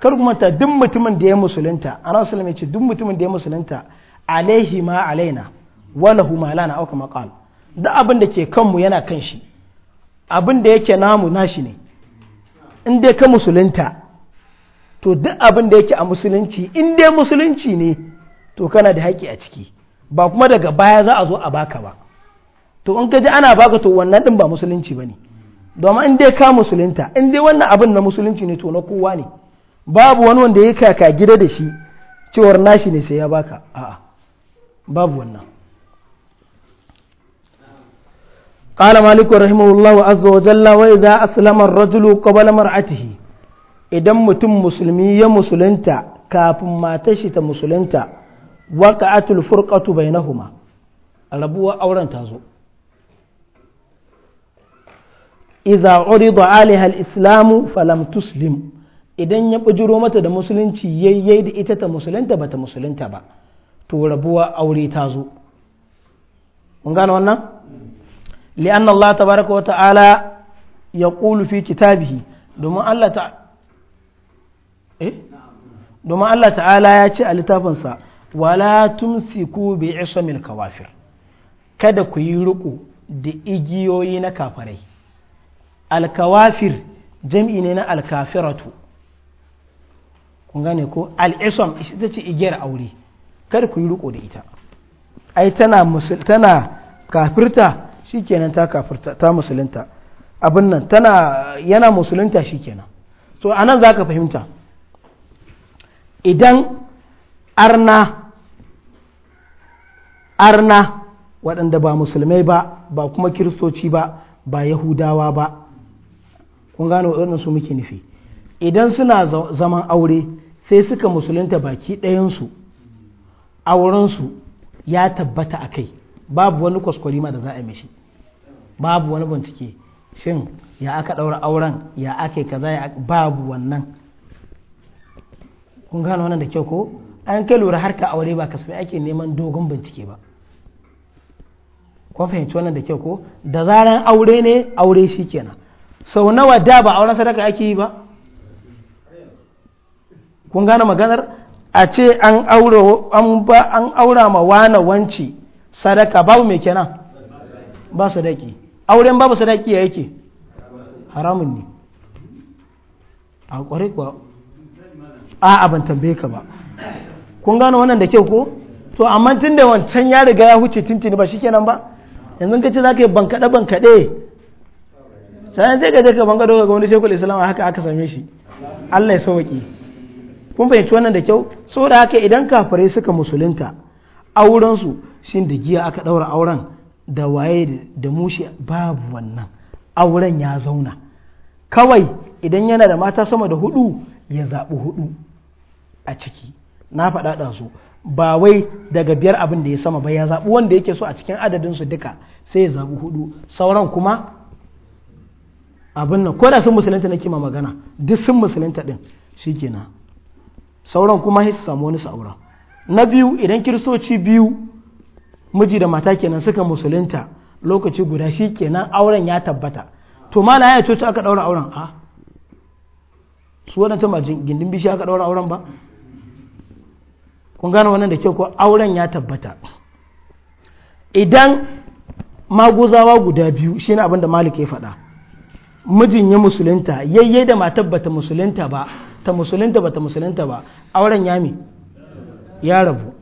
kar kuma ta duk mutumin da ya musulunta ana sallama ce duk mutumin da ya musulunta alaihi ma alaina wala hu ma lana auka maqal duk abin da ke kanmu yana kan shi abin da yake namu nashi ne in dai ka musulunta to duk abin da yake a musulunci in dai musulunci ne to kana da haƙƙi a ciki ba kuma daga baya za a zo a baka ba to in ka ji ana baka to wannan din ba musulunci ba ne. domin in dai ka musulunta in dai wannan abin na musulunci ne to na kowa ne babu wani wanda ya kaka gida da shi cewar nashi ne sai ya baka a'a babu wannan قال مالك رحمه الله عز وجل وإذا أسلم الرجل قبل مرأته idan mutum musulmi ya musulunta kafin matar shi ta musulunta waka atul furqatu bainahuma rabuwar auren ta zo idza urida alaiha alislamu falam tuslim idan ya bujiro mata da musulunci yayyai da ita ta musulunta bata musulunta ba to rabuwa aure ta zo mun gane wannan li'anna Allah tabaraka wa ta'ala yaqulu fi kitabihi domin Allah ta. Eh? domin Allah ta'ala ya ce a littafinsa wala tumsiku bi mil kawafir kada ku yi riko da igiyoyi na kafarai alkawafir jam'i ne na alkafiratu kun gane ko al'isam ita ce igiyar aure kada ku yi riko da ita ai tana kafirta tana kafirta shikenan ta kafirta ta musulunta abin nan yana musulunta shikenan so anan zaka fahimta idan arna arna waɗanda ba musulmai ba ba kuma kiristoci ba ba yahudawa ba kun gane waɗannan su muke nufi idan suna zaman aure sai suka musulunta baki ɗayansu aurensu ya tabbata a kai babu wani ma da za a mishi babu wani bincike shin ya aka ɗaura auren ya aka kaza babu wannan kun gano wannan da kyau ko an kai lura harka aure ba kasafai ake neman dogon bincike ba kun fahimci wannan da kyau ko da zaran aure ne aure shi kenan sau nawa da ba auren sadaka ake yi ba kun gano maganar a ce an aura ma wana wanci sadaka babu mai kenan ba sadaki auren babu sadaki ya yake haramun ne a kwarai kuwa a'a ban tambaye ka ba kun gano wannan da kyau ko to amma tun da wancan ya riga ya huce tintini ba shikenan ba yanzu ka ce za yi bankaɗe bankaɗe sai sai ka je ka bankaɗo ga wani shekul islam haka aka same shi allah ya sauki kun fahimci wannan da kyau saboda haka idan kafirai suka musulunta aurensu shin da giya aka ɗaura auren da waye da mushi babu wannan auren ya zauna kawai idan yana da mata sama da hudu ya zaɓi hudu a ciki na faɗa su ba wai daga biyar abin da ya sama ba ya zaɓi wanda yake so a cikin adadin su duka sai ya zaɓi hudu sauran kuma abin nan ko da sun musulunta nake ma magana duk sun musulunta ɗin kenan sauran kuma sai su samu wani sa'ura na biyu idan kiristoci biyu miji da mata kenan suka musulunta lokaci guda shikenan auren ya tabbata to ma na ya coci aka ɗaura auren a su waɗanta majin gindin bishi aka ɗaura auren ba kun gane wannan da kyau ko auren ya tabbata idan maguzawa guda biyu shine abin da malik ya faɗa mijin ya musulunta yayye da matar bata musulunta ba ta musulunta ba, ta musulunta ba auren ya mi ya rabu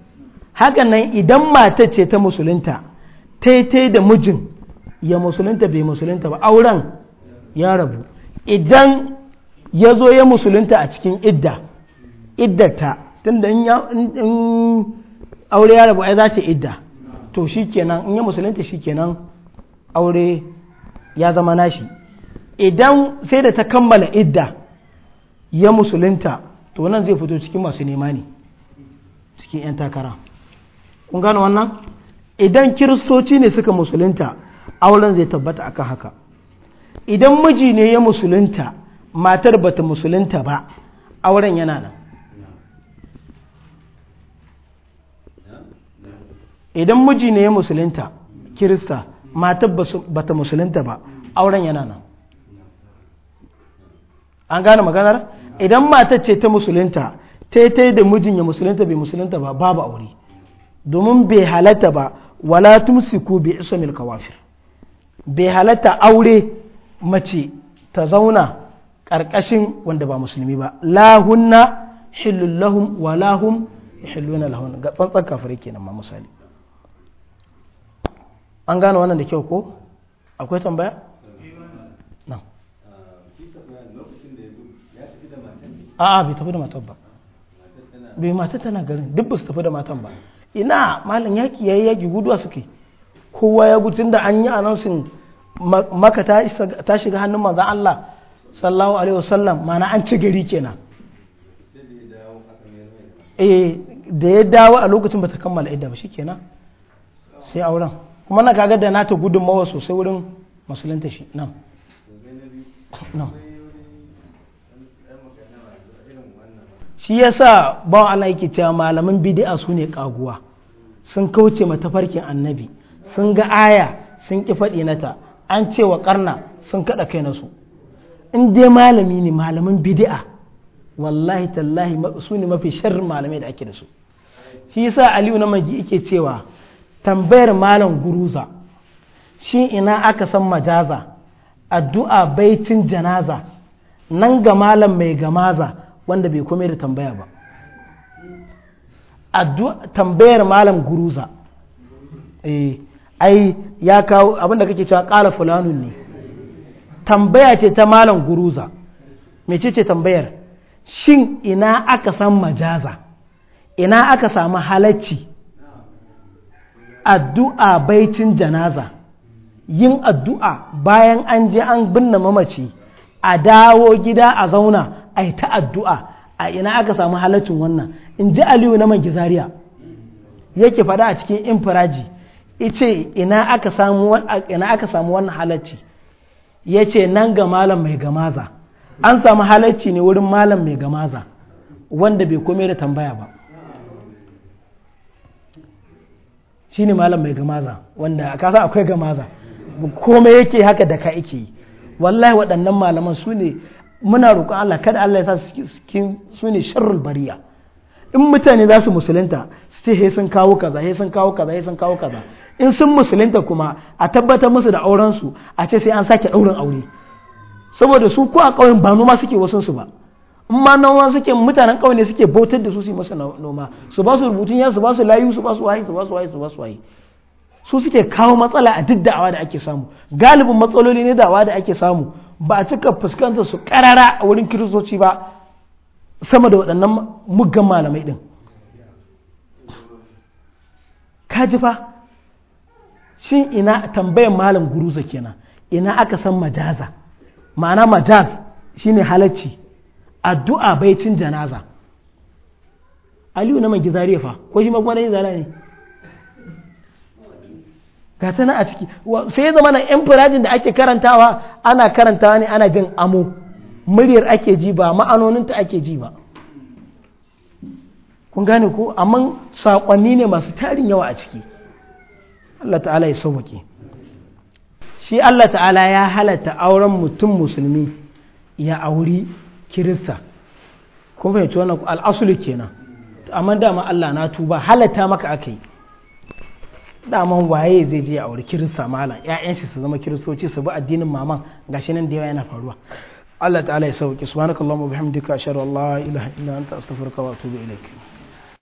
hakan nan idan matar ce ta musulunta taitai da mijin ya musulunta bai musulunta ba auren ya rabu idan ya zo ya musulunta a cikin idda iddata tunda in aure ya rabu ai za ta idda to shikenan in ya musulunta shikenan aure ya zama nashi idan sai da ta kammala idda ya musulunta to nan zai fito cikin masu nema ne cikin 'yan takara kun gano wannan idan kiristoci ne suka musulunta auren zai tabbata aka haka idan miji ne ya musulunta matar bata musulunta ba auren yana nan idan miji ne ya musulunta kirista matar ba ta musulunta ba auren yana nan an gane maganar idan matar ce ta musulunta taitai da mijin ya musulunta bai musulunta ba babu aure domin bai halatta ba wala tumsiku bi ismil kawafir bai halatta aure mace ta zauna ƙarƙashin wanda ba musulmi ba lahunna hillun wa lahum hilluna lahun ga tsantsan kafirai kenan ma misali an gane wannan da kyau ko akwai tambaya na a'a bai tafi da matan ba bai matan tana garin duk ba su tafi da matan ba ina malam yaki yayi yaki guduwa suke kowa ya tun da an yi anonsin maka ta shiga hannun manzan Allah sallallahu alaihi wasallam mana an ci gari kenan eh da ya dawo a lokacin ba ta kammala idda ba shikenan sai auren kuma na kaga da nata mawa sosai wurin musulunta shi nan shi ya sa ba ana yake cewa malamin bidi'a su ne kaguwa sun kauce matafarkin annabi sun ga aya sun ƙi faɗi nata an ce wa karna sun kaɗa kai nasu in dai malami ne malamin bidi'a wallahi tallahi su ne mafi sharrin malamai da ake da su shi yasa aliyu na magi yake cewa tambayar malam guruza shi ina aka san majaza addu'a baicin janaza nan ga malam mai gamaza wanda bai kome da tambaya ba tambayar malam guruza eh, ai ya kawo abinda kake cewa kala fulanun ne tambaya ce ta malam guruza mece ce tambayar shin ina aka san majaza ina aka samu halacci addu'a baicin janaza yin addu'a bayan an je an binne mamaci a dawo gida a zauna a yi ta addu'a a ina aka samu halaccin wannan in ji aliyu na manki zariya yake faɗa a cikin infiraji ice ina aka samu wannan halacci ya ce nan ga malam mai gamaza an samu halacci ne wurin malam mai gamaza wanda bai kome da tambaya ba Shi ne malam mai gamaza wanda a kasa akwai gamaza komai yake haka da ka ike yi wallahi waɗannan malaman su ne muna roƙon Allah kada Allah ya sa su ne sharrul bariya in mutane za su musulunta su ce he sun kawo kaza he sun kawo kaza he sun kawo kaza in sun musulunta kuma a tabbatar musu da auren su a ce sai an sake ɗaurin aure saboda su ko a ƙauyen ba noma suke wasan ba in ma noma suke mutanen ƙauye suke bautar da su su yi masa noma su ba su rubutun ya su ba su layu su ba su waye su ba su waye su ba su waye su suke kawo matsala a duk da'awa da ake samu galibin matsaloli ne da'awa da ake samu ba a cika fuskantar su karara a wurin kiristoci ba sama da waɗannan muggan malamai ɗin ji fa shin ina tambayar malam guruza kenan ina aka san majaza ma'ana majaz shine halacci addu'a baicin janaza aliyu na manki zariya fa ko shi yin zala ne ga tana a ciki sai ya zama na yan firajin da ake karantawa ana karantawa ne ana jin amo muryar ake ji ba ma'anoninta ake ji ba kun gane ko amma saƙonni ne masu tarin yawa a ciki Allah ta'ala ya sauwake shi Allah ta'ala ya halatta auren mutum musulmi ya auri kirista ko fahimci wannan al'asulu kenan amma dama Allah na tuba halatta maka aka yi daman waye zai je ya aure kirista malam ƴaƴan shi su zama kiristoci su bi addinin maman gashi nan da yawa yana faruwa Allah ta'ala ya sauke subhanakallahumma wa bihamdika ashhadu an la ilaha illa anta astaghfiruka wa atubu ilaik